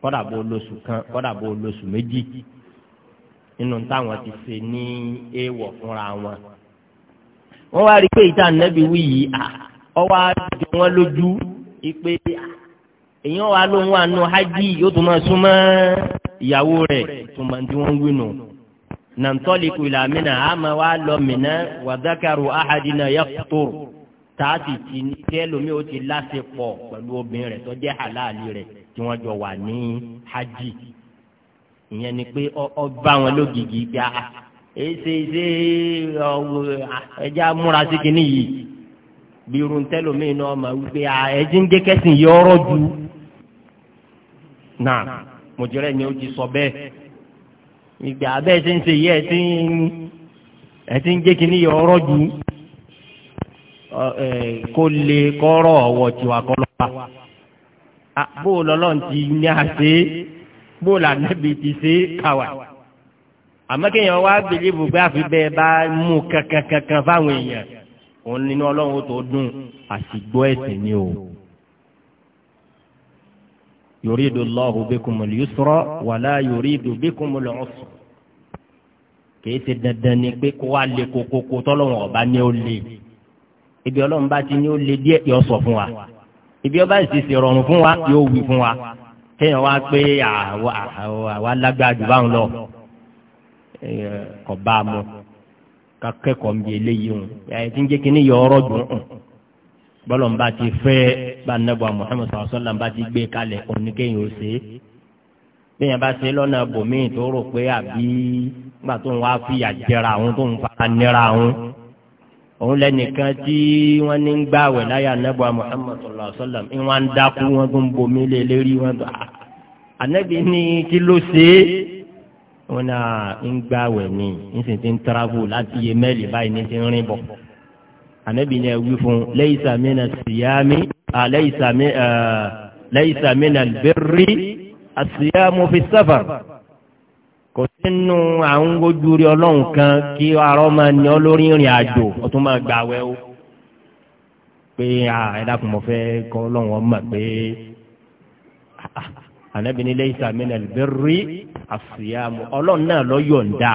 kọ́dà bó lóṣù kan kọ́dà bó lóṣù méjì nínú táwọn ti ṣe ní èèwọ̀ fúnra wọn. wọ́n wá rí i pé ìta nẹ́bí wí yìí à ọwọ́ àjọ wọn lójú ìpè èèyàn wa ló ń wà nù hajj yóò tún máa súnmọ́ ìyàwó rẹ̀ tó máa ń wọ́n wí nù. nàntọ́lìkù mina àmà wa lọ mina wàdákàrò àhàdínà yàtọ̀ tààtì tí tẹ́lómi ti láṣepọ̀ pẹ̀lú obìnrin rẹ̀ tó jẹ́ àláàlì rẹ̀ tí wọ́n jọ wà ní hajj ìyẹn ni pé ọ bá wọn lógìgì gbà èsè ṣe ẹja múra sí kinní yìí bí irun tẹ́lómi náà mà wípé ẹjí ń jẹ́ kẹ́sìn ju náà ìgbà abẹ́ ṣe ń ṣe yí ẹ ti ń ẹ ti ń jẹ́ kí níyọ̀ ọ̀rọ̀ jù kó lè kọ́rọ̀ ọ̀wọ̀ tiwa kọ́lọ́wà bó lọ́lọ́run ti ní àṣẹ bó lànàbì ti ṣe kàwà àmọ́ kéèyàn wá bìlíìfù pé àfi bẹ́ẹ̀ bá mú kankan kankan fáwọn èèyàn òun nínú ọlọ́run ó tó dùn àsìgbọ́ ẹ̀sìn ni o. يريد الله بكم اليسر ولا يريد بكم العسر. kìí ṣe dandan ni pé kó wá lé kokoko tọ́lọ́wọ́n ọba ní ó lé ibi ọlọ́run bá ti ní ó lé díẹ̀ yọ sọ fún wa ibi ọba sì ṣe rọrùn fún wa yóò wí fún wa kéèyàn wá pé àwa lágbára jù báwọn lọ kọ bá a mọ kakẹ́kọ̀ọ́ mi eléyìí hùn ẹ̀ ti ń jẹ́ kí ni yọ ọ́rọ́ dùn hùn bọ́lọ̀mbà ti fẹ́ bá nẹ́bọ̀ Muhammad sallallahu alaihi wasallam bá ti gbé kalẹ̀ oníkéyìn ó ṣe é bẹ́ẹ̀ bá ṣe lọ́nà bòmíì tó rò pé àbí nígbà tó ń wá fìyà jẹra àwọn tó ń fara nira àwọn òun lẹ́nìkan tí wọ́n ní ń gbàwẹ̀ láyà nẹ́bọ̀ Muhammad sallallahu alaihi wasallam ìwọ̀n ń dákú wọn tó ń bomi lé lérí wọn tó ah, ànẹ́bí ní kí ló ṣe é wọn náà ah, ń gbàwẹ̀ ní ń sì ti ń travel láti Yemẹ́lì báyìí ní ti ń rìn bọ̀ ànábì ni ẹwí fún lẹ́yìísà mìíràn síyámi lẹ́yìísà mìíràn bẹ́rí àsíyámu fi sáfà kò sínú àwọn ojú rí ọlọ́run kan kí arọ́ máa ní ọ lórí ìrìn àjò ọtún máa gbà wẹ́ o pé ẹ̀dá mọ̀ fẹ́ kọ́ ọlọ́run ọmọ pé ànábì ni lẹ́yìísà mìíràn bẹ́rí àsíyámu ọlọ́run náà ló yọ̀ǹda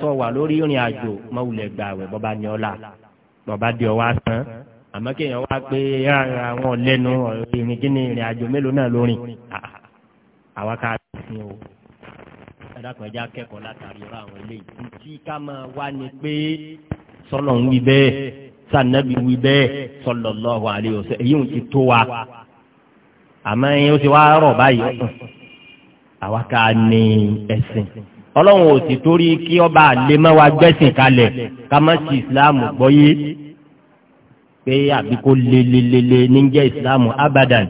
sọ wà lórí ìrìn àjò mọ̀wulẹ̀ gbà wẹ̀ bọ́ba ní ọ̀la bọ́ba di ọwọ́ asán àmọ́ kéèyàn wá pé àwọn ọ̀lẹ́nu ìrìn kíni ìrìn àjò mélòó náà lórin ah, àwa ká sin o ẹ̀dàkùn ẹ̀já kẹ́kọ̀ọ́ látàrí ọ̀rọ̀ àwọn ilé yìí tí ká máa wá ni pé sọlọ ń wí bẹ́ẹ̀ sànẹ́bí wí bẹ́ẹ̀ sọlọ lọ́wọ́ àlẹ́ òsè èyí ń ti tó wa àmọ́ ẹ̀yin ó ti wá rọ̀ báyìí àwa ká ní ẹ̀sìn ọlọ́run ò sì torí kí ọba àlèmọ́ wa gbẹ́sìn kalẹ̀ ká má sí ìsìláàmù gbọ́yé pé àbí kó lelelele ní jẹ́ ìsìláàmù abadan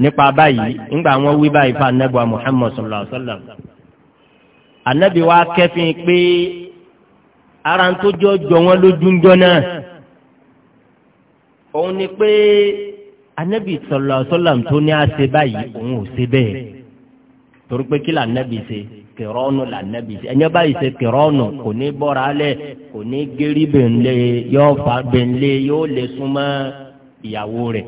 nípa báyìí ńgbà wọn wí báyìí fún anábìwa Muhammad sallallahu alaihi wa sallam anábìwa kẹfìn pé ara ń tó jọ jọ wọn lójú ń jọ náà òun ni pé anábì sallallahu alaihi wa sallam tó ní àṣẹ báyìí òun ò ṣe bẹ́ẹ̀ torí pé kí lànàbì ṣe kìrọ́ọ̀nù lànàbì ṣe ẹ̀yẹ́ báyìí ṣe kìrọ́ọ̀nù kò ní bọ́ra lẹ̀ kò ní gérí bẹ̀ǹlẹ̀ yóò fa bẹ̀ǹlẹ̀ yóò lè súnmọ́ ìyàwó rẹ̀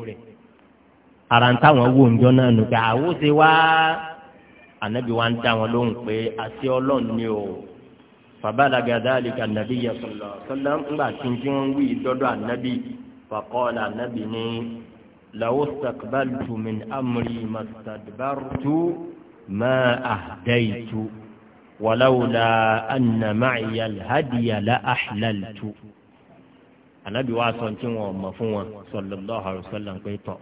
ara ń táwọn wò ń jọ náà nù pé àwọ̀ ṣe wá ànàbì wa ń dá wọn lóhùn pé àti ọlọ́run ni o fàbálàgà dáàlìkà ànàbì yẹ sọlọ ńgbà tí tí wọn wí dọdọ ànàbì fàkọọlà ànàbì ni làwọ sàkbàlùtù min amri màsàdìbàrùtù. ما أهديت ولولا أن معي الهدي لأحللت Ànábì wa sọ tí wọn mọ̀ fún wọn sallallahu alaihi wasallam pé tọ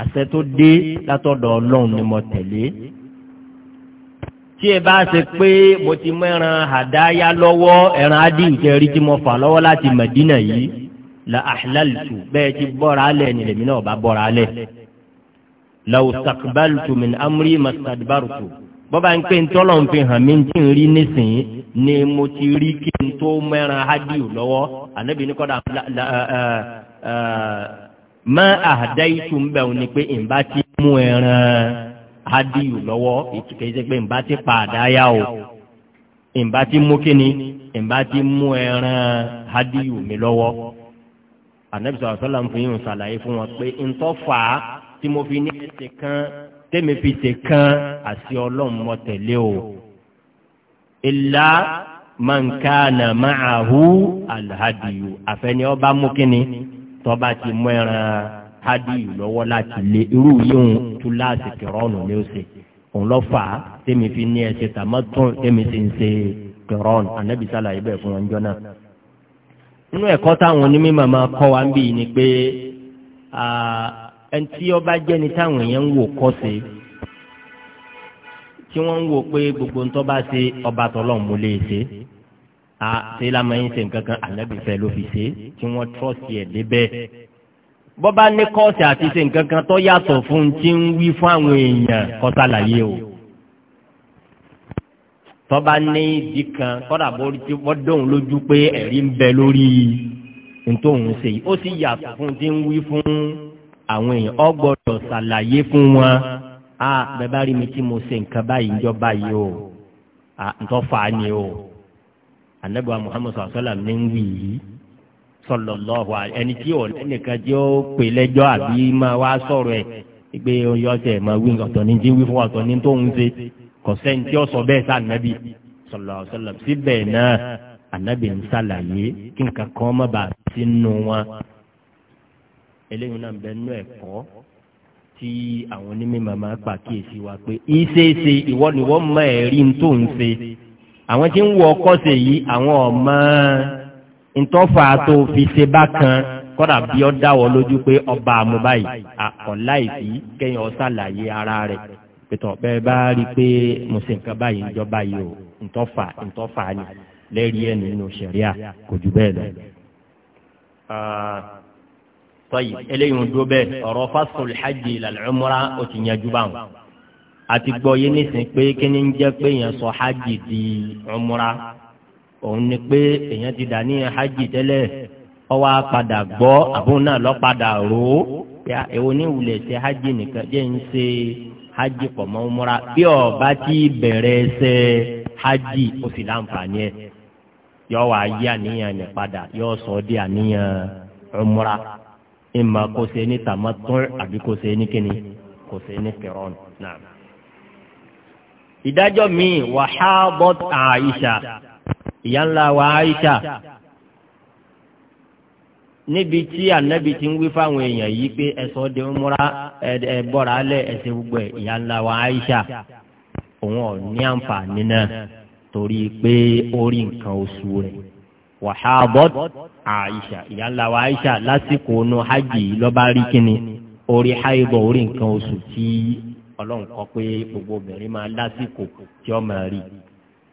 àṣẹ tó dé látọ̀dọ̀ Ọlọ́run ni mo tẹ̀lé tí ẹ bá ṣe pé mo ti mẹran àdáyá lọ́wọ́ ẹran adíǹkẹrí tí mo fà lọ́wọ́ láti Mẹdínà yìí la ahlaltu bẹ́ẹ̀ ti bọra alẹ ni lèmi náà bá bọra alẹ. Lau stakbaltu min amri mastadbartu bọ́ba ń pè ń tọ́lọ̀ ń fi hàn mí tí ń rí nísìnyí ni mo ti rí kí n tó mẹ́ran hádìú lọ́wọ́ ànábì ní kọ́dà mọ́ àdáyìtú ń bẹ̀rù ni pé ìbá ti mú ẹran hádìú lọ́wọ́ ìtùkẹ́ ṣe pé ìbá ti pa àdáyà o ìbá ti mú kíni ìbá ti mú ẹran hádìú mi lọ́wọ́ anabi sọ̀rọ̀ sọ́la ń fi yín ṣàlàyé fún wọn pé ntọ́ fà á tí mo fi ní ẹsẹ̀ kan tẹ́mi fi ṣe kan àti ọlọ́run mọ́ tẹ̀lé o. ìlà mankana ma'ahu alhadiyu àfẹ́ni ọba mú kínní tọ́ba ti mú ẹran hadiyu lọ́wọ́ láti lé irú yíhun túláàsì kẹrọ́ọ̀nù ni ó ṣe òun lọ fà á tẹ́mi fi ní ẹsẹ̀ tàmọ́tún tẹ́mi sì ń ṣe kẹrọ́ọ̀nù anabi sàlàyé bẹ́ẹ̀ fún wọn jọ náà nínú ẹ̀kọ́ táwọn onímọ̀ máa kọ́ wa ń bì ní pé ẹni tí ó bá jẹ́ni táwọn èèyàn ń wò kọ́ sí tí wọ́n ń wò pé gbogbo ń tó bá ṣe ọba tọ́lọ̀ mú lè ṣe a ṣe lámọ̀yìn ṣe nǹkan kan ànábìfẹ́ ló fi ṣe tí wọ́n trọ́ọ̀sì ẹ̀ débẹ̀ bọ́ bá ní kọ́ọ̀sì àti ṣe nǹkan kan tó yàtọ̀ fún un tí ń wí fún àwọn èèyàn kó ṣàlàyé o tọ́ba ní ìdí kan kọ́dà bọ́ dóhùn lójú pé ẹ̀rí ń bẹ lórí ntòhún ṣe yìí ó sì yàtọ̀ fún ti ń wí fún àwọn èèyàn ó ṣàlàyé fún wọn a bẹ́ẹ̀ bá rí mi tí mo ṣe nǹkan báyìí ńjọ́ báyìí o ntọ́ fà ni o anabiwa muhammadu sallam ní ń wí yìí sallallahu alaihi ẹni tí ò lẹ́nìkan tí ó pè lẹ́jọ́ àbí máa wá sọ̀rọ̀ ẹ̀ pé ó yọ máa wí ọ̀tọ̀ ní ti wí fún ọ̀tọ̀ ní tóhun ṣe kọ̀sẹ́ntì ọ̀sọ̀ bẹ́ẹ̀ sá ànábì sọ̀lọ̀ sọ̀lọ̀ síbẹ̀ náà ànábì ń sàlàyé kí nǹkan kan má bàa sínú wọn. eléyìí náà bẹ nú ẹ̀kọ́ tí àwọn onímọ̀ máa pàkíyèsí wa pé ìṣeéṣe ìwọ ni wọ́n mọ ẹ̀rí tó ń ṣe àwọn tí ń wọ ọkọ ṣe yìí àwọn ọmọ ntọ́fà tó fi ṣe bákan kọ́dà bí ọ dáwọ́ lójú pé ọba àmúbáyìí àkọ́láìsí kẹ́yìn ọ sàlàyé ara rẹ̀ pẹ̀tọ̀ bẹ́ẹ̀ bá rí i pé mo ṣe nǹkan báyìí níjọ́ báyìí o ntọ́fà ntọ́fà ni lẹ́rí ẹ̀ nínú sẹ̀ríà kò jù bẹ́ẹ̀ lọ. tọ́yì eléyìí ń dúró bẹ́ẹ̀ ọ̀rọ̀ fasul hajj ilal umra ó ti yanjú báwọn. àti gbọ́ yé nísìnyí pé kíni ń jẹ́ pé èèyàn sọ hajj di umra òun ni pé èèyàn ti dà ní hajj tẹ́lẹ̀ ọwọ́ padà gbọ́ àbúrò náà lọ́ padà rò ó. èwo ní ìwúlẹ̀ ṣe hajj nìkan jẹ́ ń ṣe hajj pọ̀ mọ́ múra bí ọba ti bẹ̀rẹ̀ ṣe hajj ó sì láǹfààní ẹ̀ yọ wá yí àníyàn ní padà yọ sọ di àníyàn múra ìmọ̀ kò ṣe ní tàmọ́tún àbí kò ṣe ní kíni kò ṣe ní kẹrọ́nù náà. ìdájọ́ mi wàhálà bọ́t àìṣà ìyá ńlá wa àìṣà níbi tí ànábì ti ń wí fáwọn èèyàn yìí pé ẹsọ de múra ẹ bọra lẹ ẹsẹ gbogbo ìyá ńlá wa Aisha òun ò ní àǹfààní náà torí pé ó rí nǹkan oṣù rẹ̀ wàhábọt Aisha ìyá ńlá wa Aisha lásìkò ọnà hajj lọba rí kíni orí haibọ orí nǹkan oṣù tí Ọlọ́run kọ pé gbogbo obìnrin máa lásìkò tí ó máa rí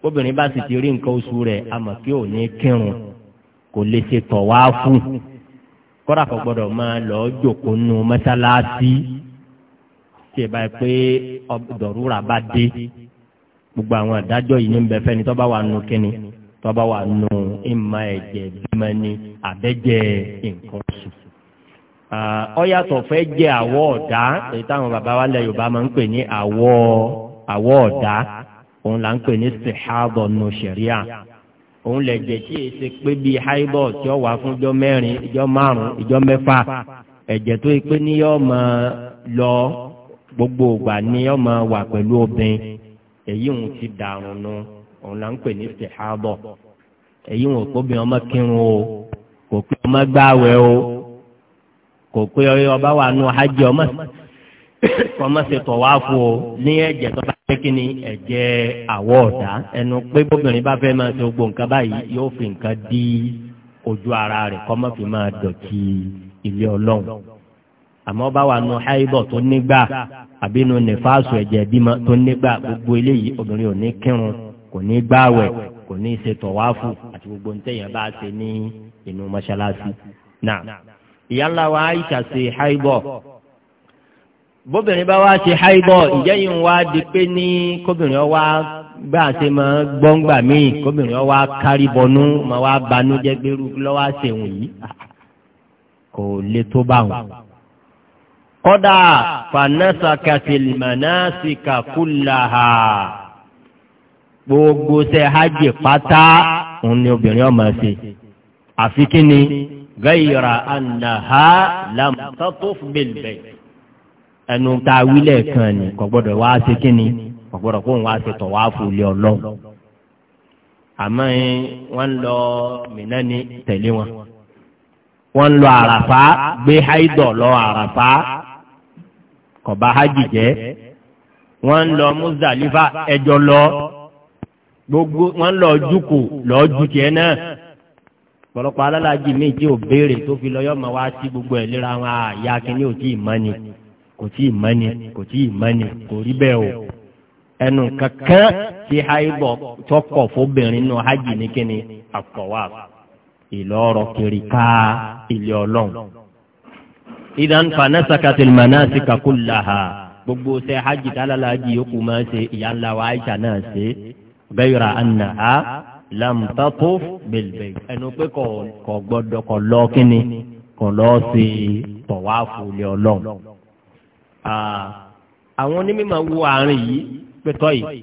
obìnrin bá sì ti rí nǹkan oṣù rẹ̀ àmọ́ kí ò ní kírun kò lè ṣe tọ̀wá fún un kọ́ra kò gbọ́dọ̀ máa lọ jòkó nu mọ́sálásí tí ẹ báyìí pé ọ̀dọ̀rúra bá dé gbogbo àwọn àdájọ́ yìí ní bẹ fẹ́ni tó bá wà nù kínní tó wà nù ìmọ̀ ẹ̀jẹ̀ bímọ ni àbẹ́jẹ̀ nǹkan sùn. ọ̀yàtọ̀ fẹ́ jẹ́ àwọ̀ ọ̀dá èyí táwọn bàbá wa lẹ̀ Yorùbá máa ń pè ní àwọ̀ ọ̀dá òun là ń pè ní sèhábọ̀ nù sẹ̀ríà. òun lè jẹ e èsì pé bíi haibọ tí ó wà fún ijọ mẹ́rin ijọ márùn ijọ mẹ́fà ẹ̀jẹ̀ tó pé ní yọọ lọ gbogbo ògbà ní yọọ mọ wà pẹ̀lú obìnrin èyí ti dàrún nu òun là ń pè ní èyí ọmọ o kò pé ọmọ o kò pé ọba wà nù hajj kọ́ má ṣe tọ̀ wá fún o ní ẹ̀jẹ̀ tó bá jẹ́ kí ni ẹ̀jẹ̀ àwọ̀ ọ̀dá ẹnu pé bóbìnrin bá fẹ́ máa ṣe gbogbo nǹkan báyìí yóò fi nǹkan dí ojú ara rẹ̀ kọ́ má fi máa dọ̀tí ilé ọlọ́run àmọ́ bá wà nù háìbọ̀ tó nígbà àbí nù nífàásù ẹ̀jẹ̀ bímọ tó nígbà gbogbo eléyìí obìnrin ò ní kírun kò ní gbààwẹ̀ kò ní ṣe tọ̀wáfù àti gbogbo ntẹ̀yẹ̀ bá ṣe ní inú mọ́ṣáláṣí. ìyá ńlá wa Aisha ṣe háìbọ̀ bóbìnrin bá wá ṣe háìbọ̀ ìjẹ́ yìí ń wá di pé ní kóbìnrin ọ wá gbà ṣe máa gbọ́ngbà míì kóbìnrin ọ wá kárí bọnú ma wá banú jẹ́ gbérú lọ́wọ́ ṣèwọ̀n yìí kò lè tó bá wọn. kọ́dà fanásàkàtìlìmánásìkà kúláhà gbogbo ṣe hajj pátá òun ni obìnrin ọmọ ṣe àfi kí ni gẹ́yìrà ànàhà làmútọ́tò bèlbẹ̀ ẹnu ta a wílẹ̀ kan ni kò gbọ́dọ̀ wá ṣe kíni kò gbọ́dọ̀ kó ń wá ṣe tọ̀ wá fòlẹ̀ ọlọ́run àmọ́ wọ́n ń lọ mìíràn ní tẹ̀lé wọn wọ́n ń lọ àràfá gbé haidọ̀ lọ àràfá kò bá hajj jẹ́ wọ́n ń lọ Muzdalifa ẹjọ́ lọ gbogbo wọ́n ń lọ jukù lọ jukìẹ́ náà pọ̀lọpọ̀ alálàájì míì ò béèrè tó fi lọ yọmọ wá sí gbogbo ẹ̀ léra wọn àyà kínní ò tí ì mọ́ ni kò tí ì mọ́ni kò tí ì mọ́ni kò rí bẹ́ẹ̀ o ẹnu kankan tí haibọ̀ tọkọ̀ fóbìnrin nù hajj ní kíni àkọ́wà ìlọrọ kiri ká ilé ọlọ́run. idan fanasakatil manasika kullaha gbogbo ṣe hajj tálálà hajj yòókù máa ṣe ìyá ńlá wa aisha náà ṣe gayra annaha lam tatuf bil ẹnu pé kò gbọdọ̀ kò lọ kíni kò lọ sí tọ̀wáfù ilé ọlọ́run àwọn onímọ̀ wo àárín yìí pẹ̀tọ́ yìí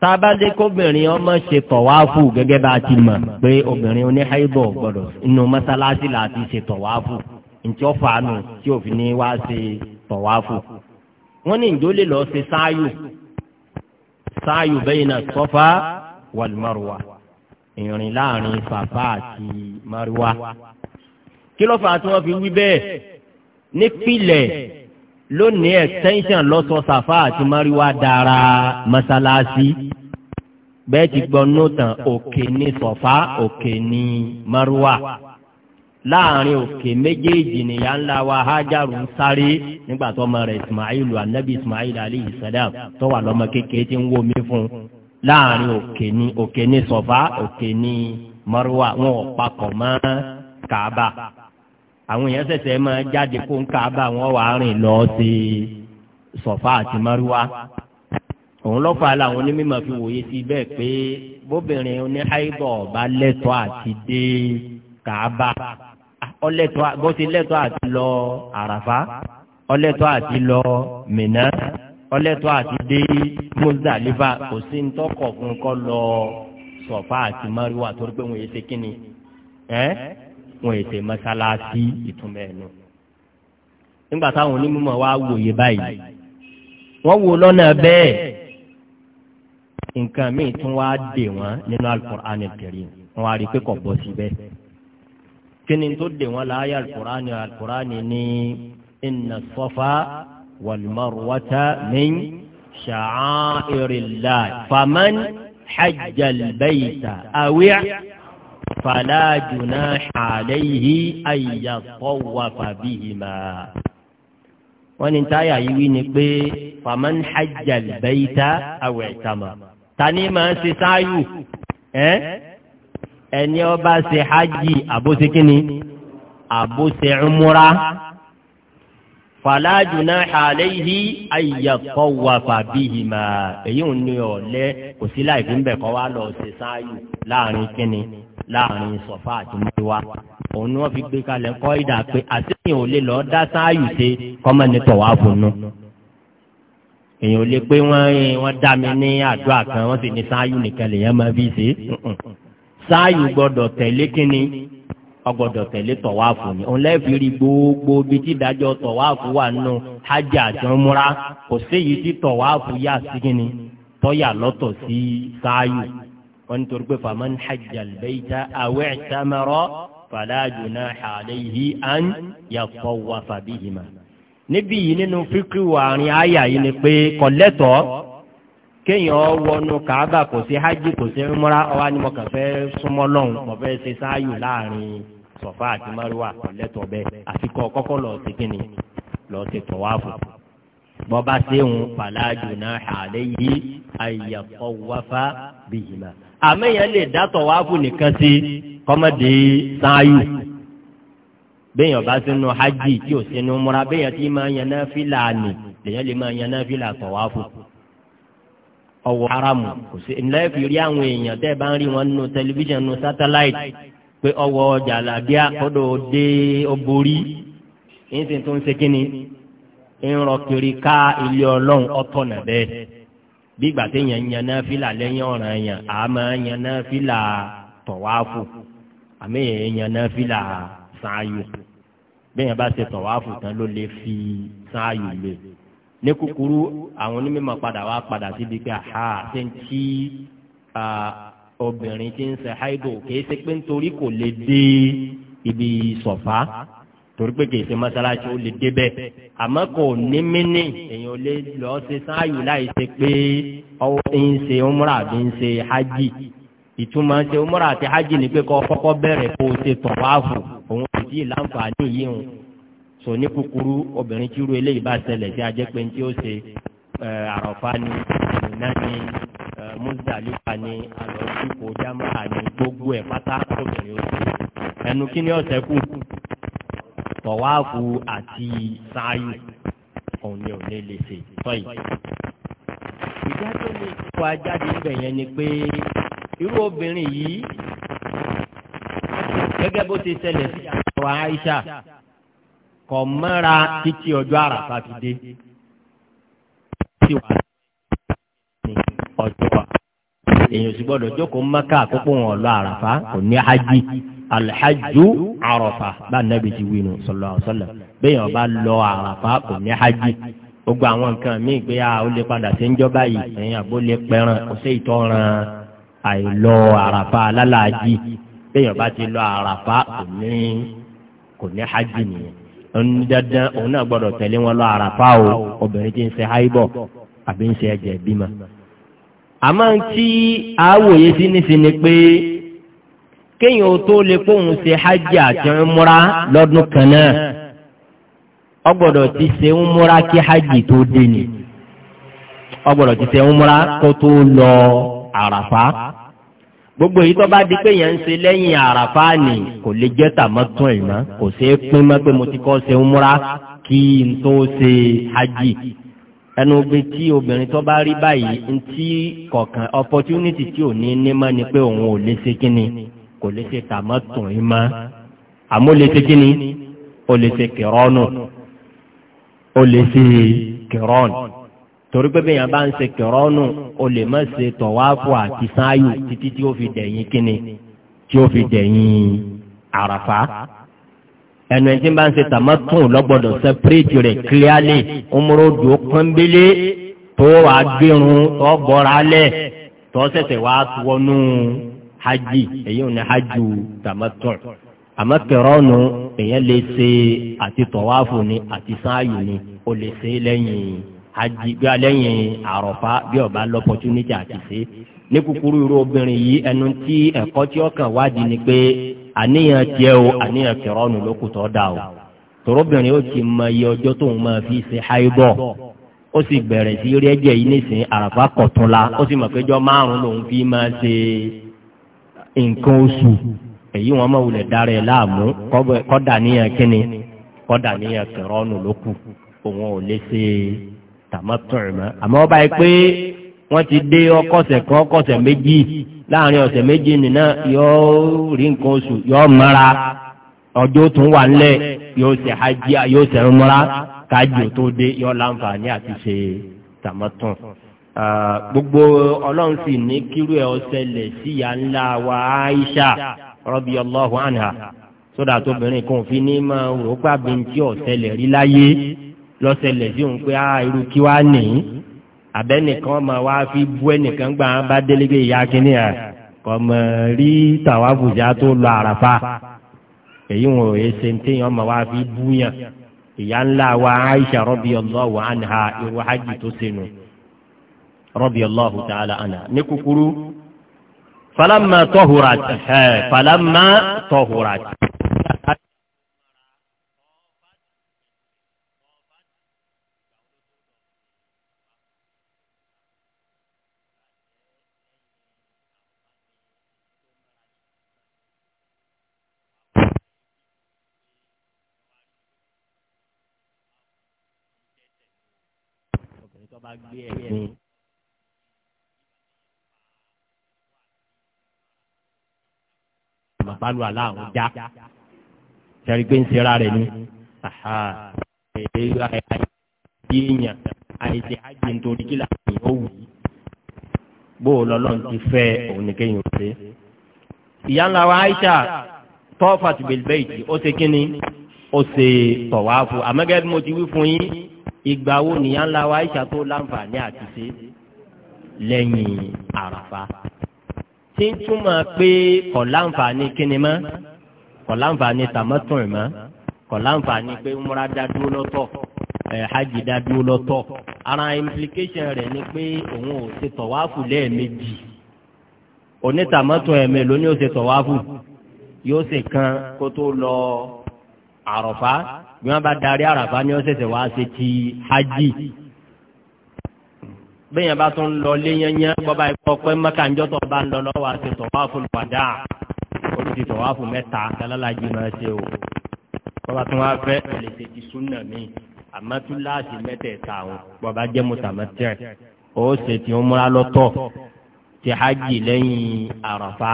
tábàdé kóbìnrin ọmọ ṣe tọ̀wáfù gẹ́gẹ́ bá a ti mọ̀ pé obìnrin oníhàìbọ̀ gbọ́dọ̀ inú mọ́sálásí láti ṣe tọ̀wáfù ntí ó fàánù tí òfin ni wá ṣe tọ̀wáfù. wọ́n ní ìjọ lè lọ ṣe sáàyù sáàyù bayna Safa wal Marwa ìrìn láàrin Safa àti Marwa. kí ló fà á tí wọ́n fi wí bẹ́ẹ̀ nípìlẹ̀ lónìí extension lọ́sọ̀ sàfà àti mariwa dára mọ́sálásí bẹ́ẹ̀ ti gbọ́ nótàn òkè ní sọ̀fà òkè ní mariwa láàrin òkè méjèèjì nìyá ńlá wa hajaru ń sáré nígbà tó ọmọ rẹ̀ ismailu anabi ismailu alayhi salam tó wà lọ́mọ kékeré tí ń wó mi fún un láàrin òkè ní òkè ní sọ̀fà òkè ní mariwa wọn ò papọ̀ mọ́ kaaba àwọn èèyàn ṣẹ̀ṣẹ̀ máa jáde kó ń ká bá wọn wà á rìn lọ sí sọ̀fà àti márúwá òun lọ́fà làwọn onímọ̀ fi wòye sí bẹ́ẹ̀ pé bóbìnrin oníháìbọ̀ bá lẹ́tọ̀ọ́ àti dé kàába bó ti lẹ́tọ̀ọ́ àti lọ àràfá ọlẹ́tọ̀ọ́ àti lọ mìnà ọlẹ́tọ̀ọ́ àti dé mùsàlífà kò sí ntọ́kọ̀ fún kọ́ lọ sọ̀fà àti márúwà torí pé wọ́n yé kínni. Eh? wọn ètè mọ́sálásí ìtumọ̀ ẹ̀nu. nígbà táwọn onímọ̀ wa wòye báyìí wọ́n wò lọ́nà bẹ́ẹ̀ nǹkan míì tún wá dè wọ́n nínú alukur'an kẹrin wọ́n wá rí i pé kò bọ́ síbẹ̀. kíni tó dè wọ́n láàyè alukur'an alukur'an ní inna safa wal marwata min sha'airillahi faman hajjal bayta فلا جناح عليه أن يطوف بهما wọ́n ní táyà yìí wí ni pé faman hajja albayta aw i'tama tani máa ń ṣe sáyù ẹ́ ẹni ó bá ṣe hajj àbóṣe kínní àbóṣe umra fala junaha alayhi an èyí ò ní ọ̀lẹ́ kò sí láì fi ń bẹ̀ kọ́ wá lọ ṣe sáyù láàrin kínní láàrin sọ̀fà àti mẹ́wá òun ni wọ́n fi gbé kalẹ̀ kọ́ ìdà pé àtẹ̀yìn ò lè lọ dá sáàyù ṣe kọ́mọ ní tọ̀wá fònú. èèyàn ò lè pé wọ́n wọ́n dá mi ní àdúrà kan wọ́n sì ní sáàyù nìkan lèèyàn máa fi ṣe. sáàyù gbọ́dọ̀ tẹ̀lé kínni ọgbọ́dọ̀ tẹ̀lé tọ̀wá fònú. òun lẹ́ẹ̀fi rí gbogbo ibi tí ìdájọ́ tọ̀wá fún wà nù hajj àti ọmúra kò séyìí tí tọ̀wá fún yà sí kínni tọ́yà lọ́tọ̀ sí sáàyù wọ́n ní torí pé faman hajjal bayta awi i'tamara fala junaha alayhi an yatawwafa bihima. níbí yìí nínú fíkì wàárín àyà yìí ni pé kọ̀lẹ́tọ̀ kéèyàn wọnú kàábà kò sí hajj kò sí múra ọwọ́ ni mo kàn fẹ́ ṣe sáàyù láàrin sọ̀fà àti márùwà kọ̀lẹ́tọ̀ bẹ́ẹ̀ àfikọ́ kọ́kọ́ lọ sí kíni lọ sí tọ̀wáfù bọ́ba ṣéhùn fala junaha alayhi an yatawwafa bihima. àmẹ́yàn lè dátọ̀ wá fún nìkan sí kọ́mọ́dé sáyù béèyàn bá sínú hajj tí ò sínú múra béèyàn tí máa yan náà fìlà nì lèyàn lè máa yan náà fìlà tọ̀ wá fún ọwọ́ haramu kò sí ńlẹ́ fi rí àwọn èèyàn tẹ́ ẹ bá ń rí wọn nínú tẹlifíṣàn nínú sátáláìtì pé ọwọ́ jàlábíà kọ́dọ̀ dé ọborí ṣe kínni bí ìgbà téèyàn yan náfìlà lẹ́yìn ọ̀ràn yẹn a máa yan náfìlà tọ̀wáfù àmì èèyàn náfìlà sáàyò bẹ́ẹ̀ bá ṣe tọ̀wáfù tán ló lè fi sáàyò lè ní kúkúrú àwọn onímọ̀ padà wá padà síbi pé àhá ṣe ń tí obìnrin ti ń ṣe háìdò kìí ṣe pé nítorí kò lè dé ibi sọ̀fà torí pé kìí ṣe mọ́sálásí ó lè débẹ̀ àmọ́ kò ní mínì èèyàn lè lọ ṣe sáàyù láì ṣe pé ń ṣe umra àbí ń ṣe hajj ìtumọ̀ ṣe umra àti hajj ni pé kọ́ kọ́kọ́ bẹ̀rẹ̀ kó o ṣe tọ̀wáàfù òun kò tí ì láǹfààní yìí hùn sọ ní kúkúrú obìnrin tí irú eléyìí bá ṣẹlẹ̀ sí ajẹ́ pé tí ó ṣe àràfà ni ìná ni Muzdalifa ni alọ́ ìdúkọ̀ jámà ni gbogbo ẹ̀ pátá obìnrin ó tọ̀wáàfù àti sáyù òun ni ò ní lè ṣe sọ́yìn. ìdájọ́ mi kó a jáde níbẹ̀ yẹn ni pé irú obìnrin yìí gẹ́gẹ́ bó ti ṣẹlẹ̀ sí àwọn Aisha kò mọ́ra títí ọjọ́ àràfà fi dé ti wà ní ọjọ́ wa èèyàn sì gbọ́dọ̀ jókòó Mẹ́kà àkókò wọn lọ àràfà kò ní alhajju arafa bá nàbì ti winu sallallahu alaihi wasallam bẹ́ẹ̀ ọba lọ arafa kò ní hajj gbogbo àwọn nǹkan míì pé a ah, ó lè padà sí ń jọ báyìí ẹ̀yìn àbó lè pẹran kò sí ìtọ́ran àìlọ àràfà alálàájì bẹ́ẹ̀ ọba ti lọ àràfà kò ní kò ní hajj nìyẹn ń dandan òun náà gbọ́dọ̀ tẹ̀lé wọn lọ àràfà o obìnrin ti ń ṣe haibọ̀ àbí ń ṣe ẹ̀jẹ̀ bímọ. àmọ́ tí àwòye sí ní pé. kéèyàn ó tó lè kóhun ṣe hajj àti umra lọ́dún kan náà ó gbọ́dọ̀ ti ṣe umra kí hajj tó dé ni ó gbọ́dọ̀ ti ṣe umra kó tó lọ àràfá gbogbo yìí tó bá di pé yẹn ń ṣe lẹ́yìn àràfá ni kò lè jẹ́ tàmọ́tún ẹ̀ mọ́ kò ṣe é pín mọ́ pé mo ti kọ́ ṣe umra kí n tó ṣe hajj ẹnu gbin tí obìnrin tó bá rí báyìí ntí kọ̀ọ̀kan opportunity tí ò ní ní mọ́ ni pé òun ò lè ṣe kínni. kò lè ṣe tàmọ́tò yín mọ́ àmọ́ lè ṣe kíni o lè ṣe kìrọ́nù o lè ṣe kìrọ́nù torí pé bẹ́ẹ̀ yẹn bá ń ṣe kìrọ́nù o lè má ṣe tọ̀wáfù àti sáyù títí tí ó fi dẹ̀yìn kíni tí ó fi dẹ̀yìn àràfà ẹnu ẹtí bá ń ṣe tàmọ́tò lọ́gbọ́dọ̀ sẹ́pẹ́rẹ́tì rẹ̀ kílíálì ọmọròdù pọ́nbélé tó wàá gbẹ̀rún tó bọ́ra lẹ̀ tó ṣẹ̀ṣẹ̀ wàá wọnú hajj èyí ò ní hajj tàmátọ̀ àmọ́ èyàn lè ṣe àti tọ̀wáfù ni àti sáàyù ni ó lè ṣe lẹ́yìn hajj bí a lẹ́yìn àrọ̀fá bí ọba lọ́pọ̀túnìtì àti ṣe ní kúkúrú irú obìnrin yìí ẹnu tí ẹ̀kọ́ tí ọkàn wádìí ni pé àníyàn tiẹ̀ o àníyàn kẹrọ́ọ̀nù ló kù tọ́ da o tòróbìnrin ó ti mọ iye ọjọ́ tóun máa fi ṣe háìbọ̀ ó sì bẹ̀rẹ̀ sí rí ẹ̀jẹ̀ yìí nísìnyí àràfá kọ̀tún la ó sì mọ̀ pé jọ́ márùn-ún lòun fi máa ṣe nǹkan oṣù èyí wọn máa wulẹ̀ dára ẹ̀ láàmú kọ́dà níyàn kínni kọ́dà níyàn kẹrọ́ọ̀nù ló o òun ò lè ṣe tàmọ́tọ̀rì mọ́ àmọ́ báyìí pé wọ́n ti dé ọkọ̀ọ̀sẹ̀ kan ọkọ̀ọ̀sẹ̀ méjì láàrin ọ̀sẹ̀ méjì nìna yóò rí nǹkan oṣù yóò mara ọjọ́ tún wà ńlẹ̀ yóò ṣe hajj yóò ṣe kájò tó dé yóò láǹfààní àti ṣe gbogbo ọlọ́run sì ní kírú ẹ̀ ọ̀sẹ̀lẹ̀ síyà ńlá wa Aisha radiyallahu anha sódà tóbìnrin kan fi ní máa rò gbàgbé tí ọ̀sẹ̀lẹ̀ rí láyé lọ́sẹ̀lẹ̀ sí òun pé á irú kí wá nìyí àbẹ́nìkan máa wá fi bú ẹnìkan gbà bá délégé ìyá kínní ẹ̀ kọmọ rí tàwáfùjá tó lọ àràfà èyí wọn ò yẹ sèǹtéyàn máa wá fi bú yàn ìyá ńlá wa Aisha radiyallahu anha irú hajj tó senu. رضي الله تعالى عنها نكوكرو فلما طهرت فلما طهرت Yeah, yeah. àmọ́ pálọ̀ aláàrùn já sẹ́rí pé ń sera rẹ̀ ni èyí àìsíyàn àìsí àjì nítorí kí làwọn ò wù í bó o lọ́lọ́ ti fẹ́ òun ní kéyìn òṣè. ìyá ńlá wa Aisha tọ́fà tùbẹ̀lìbẹ̀ìtì ó ṣe se, ó ṣe tọ̀wáfù àmọ́gẹ́ bí mo ti wí fún yín ìgbà wo nìyá ńlá wa Aisha tó láǹfààní àti ṣe lẹ́yìn àràfà tí ń túmọ̀ pé kò láǹfààní kíni mọ́ kò láǹfààní tàmọ́tún mọ́ kò láǹfààní pé múra dádúró lọ́tọ̀ ẹ̀ hajj dádúró lọ́tọ̀ ara implication rẹ̀ ni pé òun ò ṣe tọ̀wáfù lẹ́ẹ̀mejì onítàmọ́tún ẹ̀mẹ́ lóní ó ṣe tọ̀wáfù yóò ṣe kan kó tó lọ àrọ̀fá bí wọ́n bá darí àràfá ni ó ṣẹ̀ṣẹ̀ wá ṣe ti hajj bẹ́yẹn bá tún lọ lé yẹnyẹn bọ́ba ẹ̀kọ́ pé mẹ́kànjọ́ tó bá ń lọ lọ́wọ́ àti tọ̀wáfù padà olùdí tọ̀wáfù mẹ́ta lálàjì máa ṣe o bọ́ba tún wá fẹ́ lè ṣe ti súnà mí àmọ́ tún láàṣì mẹ́tẹ̀ẹ̀ta àwọn bọ́ba jẹ́ mùtàmẹ́tẹ̀ ó ṣe ti ń múra lọ́tọ̀ ti hajj lẹ́yìn àràfá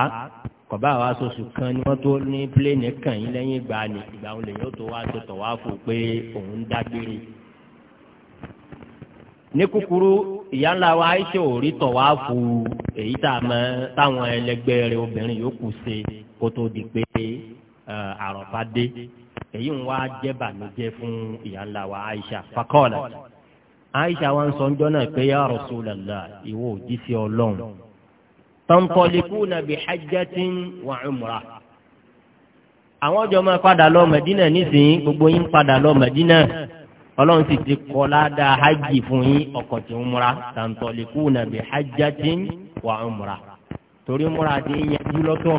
kọ̀bá wa sọ̀sù kan ni wọ́n tó ní pílẹ̀nì kàn yín lẹ́yìn ìgbà ni ìgbà òun lè yóò tó wá ṣe tọ̀wáfù pé òun dágbére ní kúkúrú ìyá ńlá wa Aisha ò rí tọ̀ wá fu èyí tá a mọ táwọn ẹlẹgbẹ́ rẹ̀ obìnrin yòókù ṣe kó tó di pé àròbá dé èyí ń wá jẹ́ fún ìyá ńlá wa Aisha fakọ́ọ̀lá Aisha wa ń sọ ńjọ́ náà pé ya Rasulallah ìwọ òjíṣẹ́ Ọlọ́run tantalikuna bi hajjatin wa umrah àwọn ọjọ́ máa padà lọ Mẹ̀dínà nísìnyí gbogbo yín padà lọ Mẹ̀dínà. ọlọ́run sì ti kọ́ ládàá hajj fún yín ọkọ̀ tí ń múra tàǹtọ̀lẹ́kù nàbí hajjatin wà ń múra torí múra ti ń yanjú lọ́tọ̀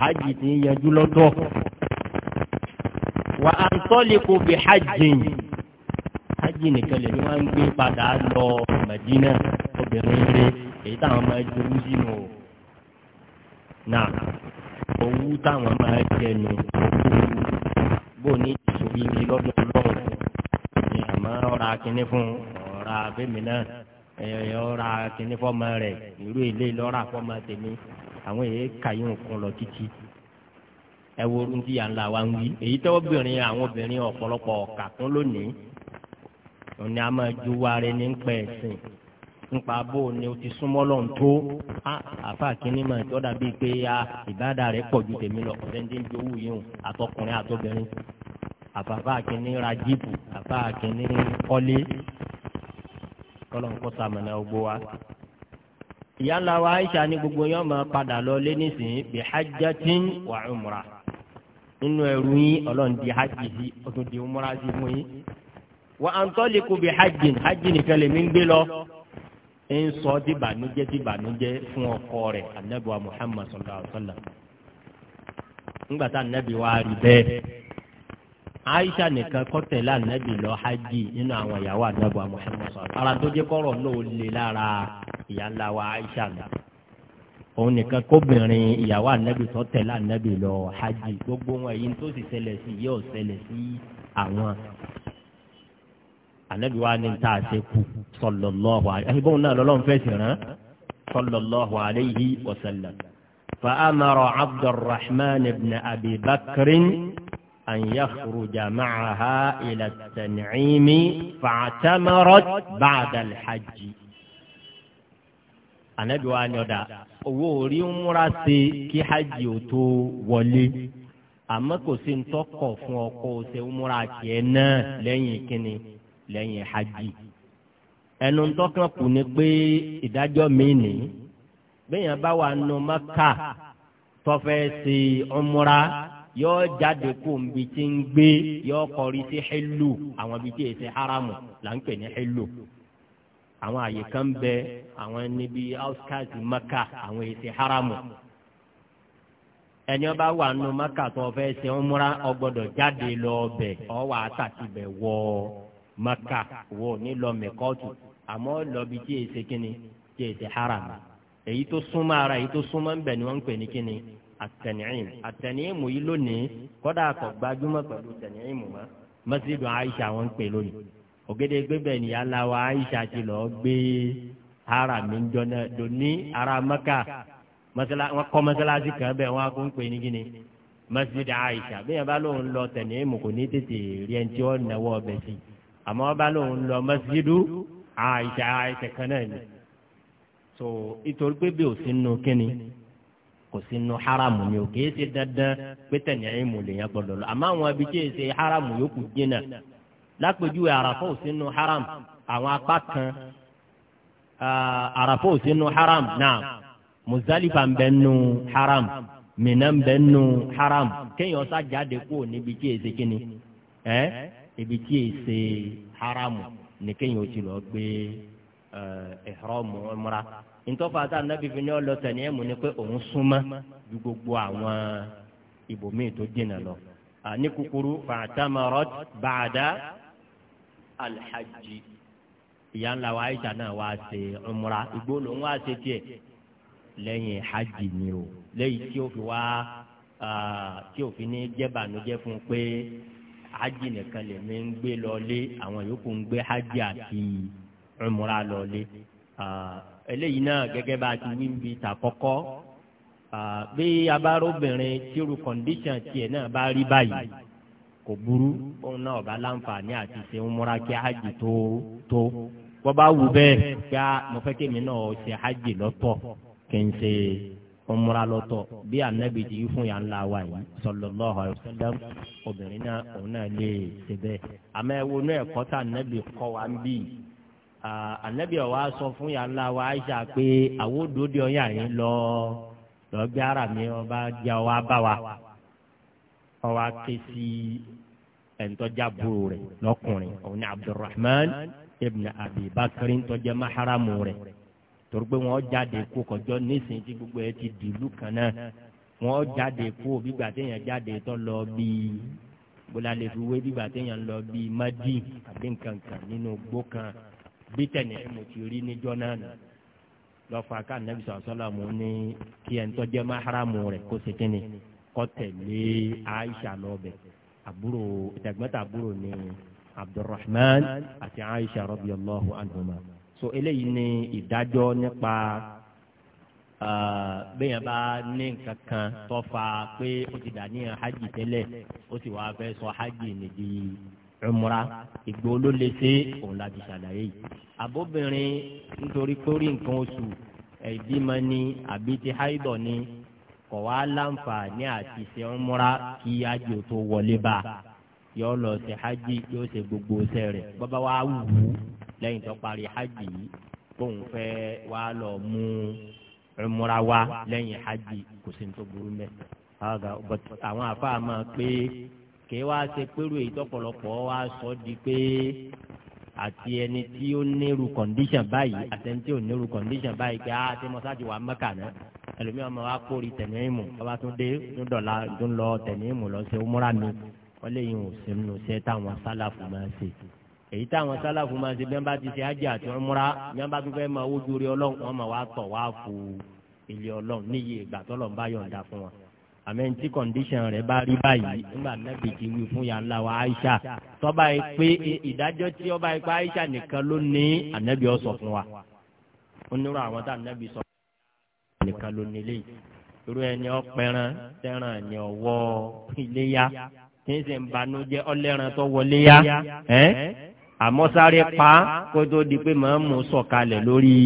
hajj ti ń yanjú lọ́tọ̀ wà á ń tọ́lẹ́kù hajj padà lọ Madina obìnrin rẹ èyí táwọn máa ń jowú sínú o táwọn máa máa ń ra fún ọ̀ra fẹ́mi náà ẹ̀yọ̀ ọ̀ra kinní fọ́mọ rẹ̀ irú ilé lọ́ra fọ́mọ tèmi àwọn èyí kàyé nǹkan lọ títí ẹ wo ohun tí yà ń la wa ń wí èyí tẹ́ obìnrin àwọn obìnrin ọ̀pọ̀lọpọ̀ ọ̀kà tún lónìí òní a máa ju wáre ní pẹ́ ẹ̀sìn nípa bó o ní o ti súnmọ́ lọ́n tó àfa kínní mà tó dàbí pé ìbádà rẹ̀ pọ̀ àbàbà kìíní rajibu àbà kìíní kọ́lé kọ́lọ́nkọ́ sàmìnà gbogbo wa. ìyá ńlá wa aisha ní gbogbo yẹn máa padà lọ lé nísìnyí bí hajjatin wa umra nínú ẹrú yín ọlọ́run di hajj sí ó di umra sí mú yín. wa antaliqu bí hajjin hajj nìkan lèmi ń gbé lọ ń sọ dìbànújẹ́ dìbànújẹ́ fún ọkọ rẹ̀ anabiwa muhammad sallallahu alaihi wa sallam. ńgbà tá Nabi wa rí bẹ́ẹ̀ aisha nìkan kọ́ tẹ̀lé anabi lọ hajj nínú àwọn ìyàwó anabi wa muhammad sọ̀rọ̀ ara tó jẹ́ kọ́rọ̀ náà ó lé lára ìyá ńlá wa aisha nà òun nìkan kóbìnrin ìyàwó anabi tó tẹ̀lé anabi lọ hajj gbogbo wọn èyí tó sì ṣẹlẹ̀ sí yóò ṣẹlẹ̀ sí àwọn anabi wa ni ta ṣe kú sallallahu alaihi ẹni bóun náà lọ́lọ́run fẹ́ rán sallallahu alaihi wa sallam fa amara abdulrahman ibn abi bakrin. أن يخرج معها إلى التنعيم فاعتمرت بعد الحج anabi wa ni ọdà owó orí ń múra sí kí hajj ò tó wọlé àmọ́ kò sí ntọkọ fún ọkọ ṣe ń múra tiẹ̀ náà lẹ́yìn kínní lẹ́yìn hajj ẹnu ntọkàn kù ni pé ìdájọ́ mi nì bẹyàn bá wà nù Mẹ́kà tọfẹ sí ọmúra yóò jáde kó nbi tí ń gbé yóò kọrí sí hílù àwọn ibi tí yẹ ṣe haramu là ń pè ní hílù àwọn àyè kan bẹ àwọn níbi outskirt maka àwọn yẹ ṣe haramu ẹni ọba wà nù maka tó fẹ́ ṣe ń múra ọgbọ́dọ̀ jáde lọ bẹ̀ ọ wà á tàti bẹ̀ wọ maka wọ nílọ mẹ́kọ́tù àmọ́ lọ́bi tí yẹ ṣe kíni tí yẹ ṣe haramu èyí tó súnmọ́ ara èyí tó súnmọ́ ń bẹ̀ ni wọ́n ń pè ní kíni àtẹnìyìn àtẹnìyìn mú yìí lónìí kọ́dà kọ̀ gbajúmọ̀ pẹ̀lú tẹnìyìn mú mọ́ mọ́sídùn Aisha wọn ń pè lónìí ògèdè gbẹgbẹ nìyá lawa Aisha ti lọ gbé ara mi ń jọ́nà lóní ara Mẹ́kà wọn kọ́ mọ́sálásí kan bẹ́ẹ̀ wọn á kó ń pè ní gíní mọ́sídùn Aisha bí yẹn bá lóun lọ tẹnìyìn mú kò ní tètè rí ẹni tí wọ́n náwó ọbẹ̀ sí àmọ́ bá lóun lọ mọ́sídùn Aisha Aisha kan náà ni kò sí nu haramu ni o kìí ṣe dandan pé tẹ̀lé ẹ̀yìn mò lè yẹn gbọdọ̀ lọ àmọ́ àwọn ibi tí èyí ṣe haramu yòókù jìnnà lápèjúwe àràfọ́ ò sí nu haramu àwọn apá kan àràfọ́ ò sí nu haramu náà muzalifa ń bẹ nu haramu mina ń bẹ nu haramu kéèyàn sá jáde kúrò níbi tí èyí kíni ẹ ibi tí èyí haramu ni kéèyàn ó ti lọ gbé ẹ̀hrọ́ mọ́ ntọ́fà tá anábì fi ní ọlọ́tẹ̀ ní ẹ̀mú ni pé òun súnmọ́ ju gbogbo àwọn ibòmíì tó jìnnà lọ. ní kúkúrú fàtàmọ́rọ́ bàdá alhaji ìyá ńlá wa Aisha náà wá ṣe umra igbó ló ń wá ṣe tiẹ̀ lẹ́yìn hajj ni o lẹ́yìn tí ó fi wá tí ó fi ní jẹ́bànújẹ́ fún un pé hajj nìkan lèmi ń gbé lọ lé àwọn yòókù ń gbé hajj àti umra lọ lé eléyìí náà gẹ́gẹ́ bá a ti wí bí ta kọ́kọ́ bí abárobìnrin tíru kọ́ndíṣàn tiẹ̀ náà bá rí báyìí kò burú òun náà ọba láǹfààní àti ṣe ń múra kí hajj tó tó wọ́n bá wù bẹ́ẹ̀ kí a mo fẹ́ kí èmi náà ṣe hajj lọ́tọ̀ kí n ṣe ọmọra lọ́tọ̀ bí anabi ti fún yàn ńlá wa yìí sallallahu alaihi wasallam obìnrin náà òun náà lè ṣe bẹ́ẹ̀ àmọ́ ẹ wo náà ẹ̀kọ́ tá anabi kọ́ wa ń bí yìí ànábì ọ̀wá sọ fún yàrá ńlá wa Aisha pé àwọn òdòdó ọ̀yà yẹn lọ lọ́ọ́ gbé ara mi ọba jẹ́ ọwá bá wa ọwá ké sí ẹ̀ńtọ́jàbúrò rẹ̀ lọ́kùnrin òun ni Abdulrahman ibn Abi Bakr ńtọ́jẹ́ maharamu rẹ̀ torí pé jáde kó kọjọ́ nísìnyí tí gbogbo ẹ ti dìlú kan náà wọ́n jáde kó gbígbà téèyàn jáde tó lọ bíi bólá lè fi wé gbígbà téèyàn lọ bíi madi àbí nǹkan nínú gbó kan bí tẹ̀lé mo ti rí níjọ́ náà nù lọ́fà ká nàbí sọ̀sọ́lá mu ní kí ẹni tọ́jẹ́ máhàrámù rẹ̀ kó ṣe kínni kọ́ tẹ̀lé Aisha lọ́bẹ̀ àbúrò ìtẹ̀gbẹ́ta àbúrò ní Abdulrahman àti Aisha radiyallahu anhuma so eléyìí ni ìdájọ́ nípa bẹ́ẹ̀ bá ní nǹkan kan tọ́fà pé ó ti dà ní hajj tẹ́lẹ̀ ó sì wáá fẹ́ sọ hajj nìdí umra ìgbò ló lè ṣe òun láti ṣàlàyé yìí. àbóbìnrin nítorí pé ó rí nǹkan oṣù ìbímọ ni àbí ti háìdọ̀ ni kọ̀ wá láǹfààní àti ṣe umra kí ájò tó wọlé bá yọ lọ sí hajj yóò ṣe gbogbo iṣẹ́ rẹ̀ bàbá wa wù ú lẹ́yìn tó parí hajj yìí bóun fẹ́ wá lọ mú umra wá lẹ́yìn hajj kò sí ní tó burú mẹ́. àwọn àfa máa pé kì í wá ṣe pẹ̀lú èyí tọ́pọ̀lọpọ̀ wá sọ di pé àti ẹni tí ó nírú kọ̀ǹdíṣàn báyìí àti ẹni tí ò nírú kọ̀ǹdíṣàn báyìí pé á ti mọ́sáàjì wà mẹ́kà náà ẹlòmíràn máa wá kórì tẹ̀míìmù ọba tó dé tó dọ̀la tó ń lọ tẹ̀míìmù lọ sí umra mi wọ́n lè yin òsín nù sẹ́ táwọn sálàfù máa ṣe èyí táwọn sálàfù máa ṣe bí wọ́n bá ti ṣe ájì àti umra bí wọ́n bá tún fẹ́ máa wójú rí ọlọ́run wọ́n máa wá tọ̀ wá fò ilé ọlọ́run àmẹ́ ntí kọ̀ǹdíṣàn rẹ̀ bá rí báyìí nígbà nàbì ti wí fún ya ńlá wa Aisha tọ́ba yìí pé ìdájọ́ tí ọba yìí pé Aisha nìkan ló ní ànábì ó sọ fún wa ó nírò àwọn tá ànábì sọ nìkan ló ní lé irú ẹni ọpẹran tẹran ẹni ọwọ iléyà tí ń sì ń banú jẹ ọlẹ́ran tó wọlé yá ẹ́ àmọ́ sáré pa kó tó di pé màmú sọ̀kalẹ̀ lórí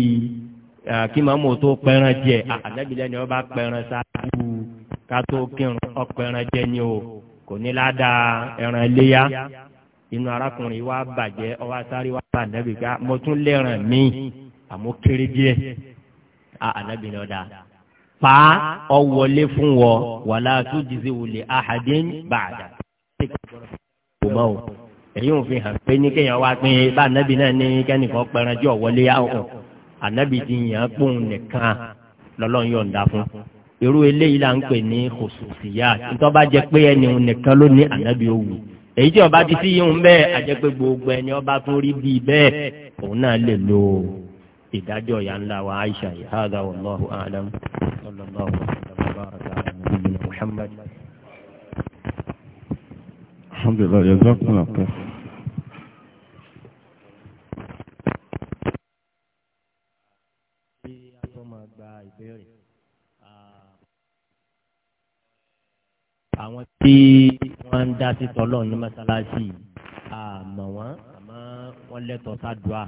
kí màmú tó pẹran jẹ ànábì lẹ́ni ọba pẹran sáájú ká tó kírun ọ̀pọ̀ ẹran jẹ ni o kò ní ládàá ẹran léyà inú arákùnrin wa bàjẹ́ ọwọ́ sáré wa bá ànábì ká mo tún lẹ́ràn mí àmọ́ kéré díẹ̀ ànábì ni ọ̀dà pa ọwọlé fún wọ wàlá tó jìzí wulẹ̀ ahadin bàdà. èyí ò fi hàn pé ní kéèyàn wá pín in bá ànábì náà ní kẹ́nìkan pẹ̀rẹ̀ wọlé àwọn ànábì ti yàn án pòun nìkan lọ́lọ́run yọ̀ǹda fún un irú eléyìí là ń pè ní khususiyat nítorí bá jẹ pé ẹni nìkan ló ní ànábì òwú èyí tí ọba ti sí yìí ń bẹ́ẹ̀ àjẹpé gbogbo ẹni ọba tún rí bíi bẹ́ẹ̀ òun náà lè lo ìdájọ́ ìyá ńlá wa Aisha yìí hàdà wallahu a'lam sallallahu alaihi alhamdulilayi jazakumullah khairan. àwọn tí wọ́n ń dá títọ́ lọ́run ní mọ́sálásí àmọ́ wọn àmọ́ wọ́n lẹ́tọ̀ọ́ sádùá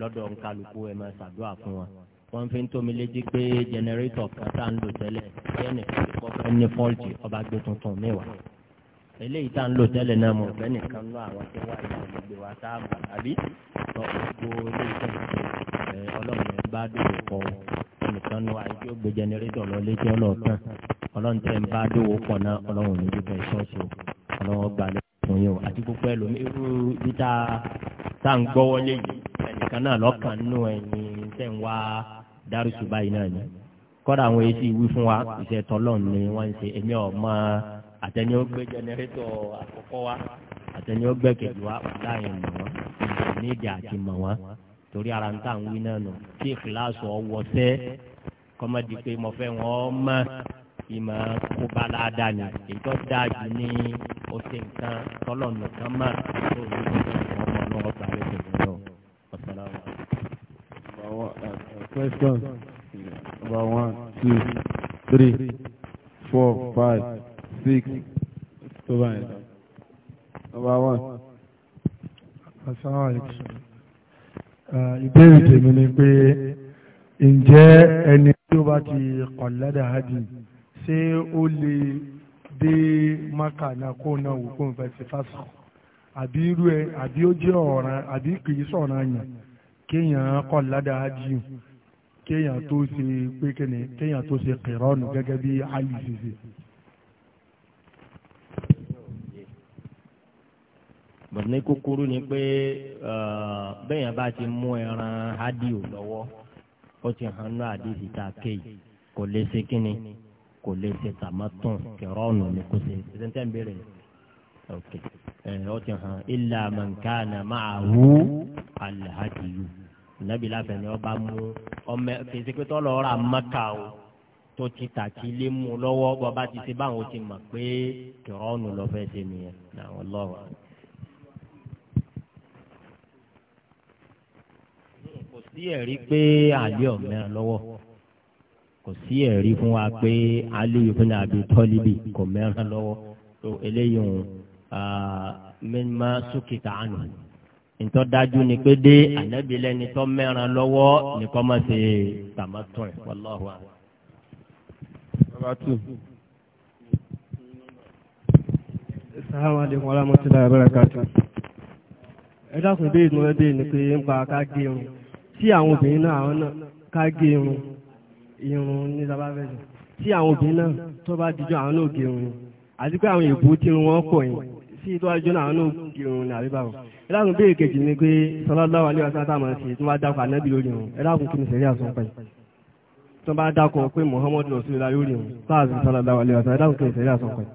lọ́dọ̀ nkálukú ẹ̀ máa sàdúrà fún wọn. wọ́n fi ń tómi létí pé jẹnẹrétọ̀ kan tá à ń lò tẹ́lẹ̀ bẹ́ẹ̀ nìkan ti kọ́ fẹ́ ní fọ́ọ̀tì ọba gbé tuntun mẹ́wàá. eléyìí tá à ń lò tẹ́lẹ̀ náà mọ̀ bẹ́ẹ̀ nìkan lọ àwọn tí wà ní àgbègbè wa tá a mọ̀ àbí tọ́ gbogbo ilé iṣẹ́ ọlọ́run ẹ̀ bá dòwò pọ̀ ẹnìkan nu àyè tí ó gbé jẹnẹrétọ̀ lọ létí ọlọ́ọ̀tàn ọlọ́run tẹ̀ ń bá dòwò pọ̀ náà ọlọ́run ní bíbẹ̀ ṣọ́ọ̀ṣì ọlọ́run gbà lẹ́ fún yín o àti gbogbo ẹlòmíì irú bí tá a ń gbọ́ wọlé yìí ẹnìkan náà lọ́kàn nínú ẹ̀yìn tẹ̀ ń wá dárúsù báyìí náà ni kọ́dà àwọn èsì wí fún wa iṣẹ́ tọ́lọ́n ni wọ́n ń ṣe èmi ọ̀mọ àtẹni ó gbé jẹnẹrétọ̀ àkọ́kọ́ wa àtẹni ó gbé wa láàyè mọ̀ wọ́n nídìí àti mọ̀ wọ́n torí ara ń tà ń wí náà nù tí ìkìláàsì ọwọ́ sẹ́ kọ́mọ́dé pé mo fẹ́ wọ́n mọ́ ìmọ̀ kóbá ládàá ni èyí tó dáa ní ọ̀sẹ̀ nǹkan tọ́lọ̀ nìkan mọ́ tó ní ọmọ náà gbà ló ti lọ ọ̀sán àwọn. question number one two three four five six number one. asalaamualeykum ìbéèrè tèmi ni pé ǹjẹ́ ẹni tí ó bá ti kọ̀lẹ́dà hajji ṣé ó lè dé maka náà kó náà wò kó n fẹ́ ti fásitì àbí irú ẹ àbí ó jẹ́ ọ̀ràn àbí kìí sọ̀ràn yàn kéèyàn kọ̀lẹ́dà hajji kéèyàn tó ṣe pé kéèyàn tó ṣe kìrọ́ọ̀nù gẹ́gẹ́ bí ayù ṣe ṣe. bọ̀dé ní kúkúrú ni pé bẹ́ẹ̀yàn bá ti mú ẹran hádìó lọ́wọ́ ó ti hàn ní àdìsí tá a ké yìí kò lè ṣe kínni kò lè ṣe tàmátàn kẹrọ́ọ̀nù ni kò ṣe ṣe tẹ́ ń béèrè ok ó ti hàn ilà mọ̀nkánà máa wú alhadiyu nàbí láfẹ̀ẹ́ ọba mú ọmọ kì pé tọ́lọ̀ ọ̀rọ̀ àmọ́kà o tó ti tàkì lé mu lọ́wọ́ bọ́ bá ti ṣe báwọn ti mọ̀ pé kẹrọ́ọ̀nù lọ́fẹ́ ṣe nìyẹn náà lọ́wọ́. sí ẹ̀rí pé àlè ọ̀mẹ́ràn lọ́wọ́ kò sí ẹ̀rí fún wa pé aliyu fún abi tọ́líbì kò mẹ́ràn lọ́wọ́ tó eléyìí ń mímá sókè tàánù ntọ́ dájú ni pé dé ànábi lẹ́ni tó mẹ́ràn lọ́wọ́ nìkan má ṣe tàmátọ́ ẹ̀ wàláhùn. Assalamu alaikum warahmatullahi wabarakatuh. ẹ dákun bí ìdúró bíi ni ń pa ká gé irun tí àwọn obìnrin náà àwọn náà ká gé irun irun ní sábàfẹ́sì tí àwọn obìnrin náà tó bá dijọ́ àwọn náà gé irun àti pé àwọn èèbù tí irun wọn pọ̀ yìí sí tó ajọ́ náà àwọn náà gé irun ní àríbáwọ̀ ẹ dákun bí èkejì ni pé sallallahu alaihi wasallam ṣe tó bá dákọ̀ ànábì lórí irun ẹ dákun kí ni sẹ́rí àsọ pẹ̀ tó bá dákọ̀ pé Muhammadu rasulullah lórí irun sáà sallallahu alaihi wasallam ẹ dákun kí ni sẹ́rí àsọ pẹ̀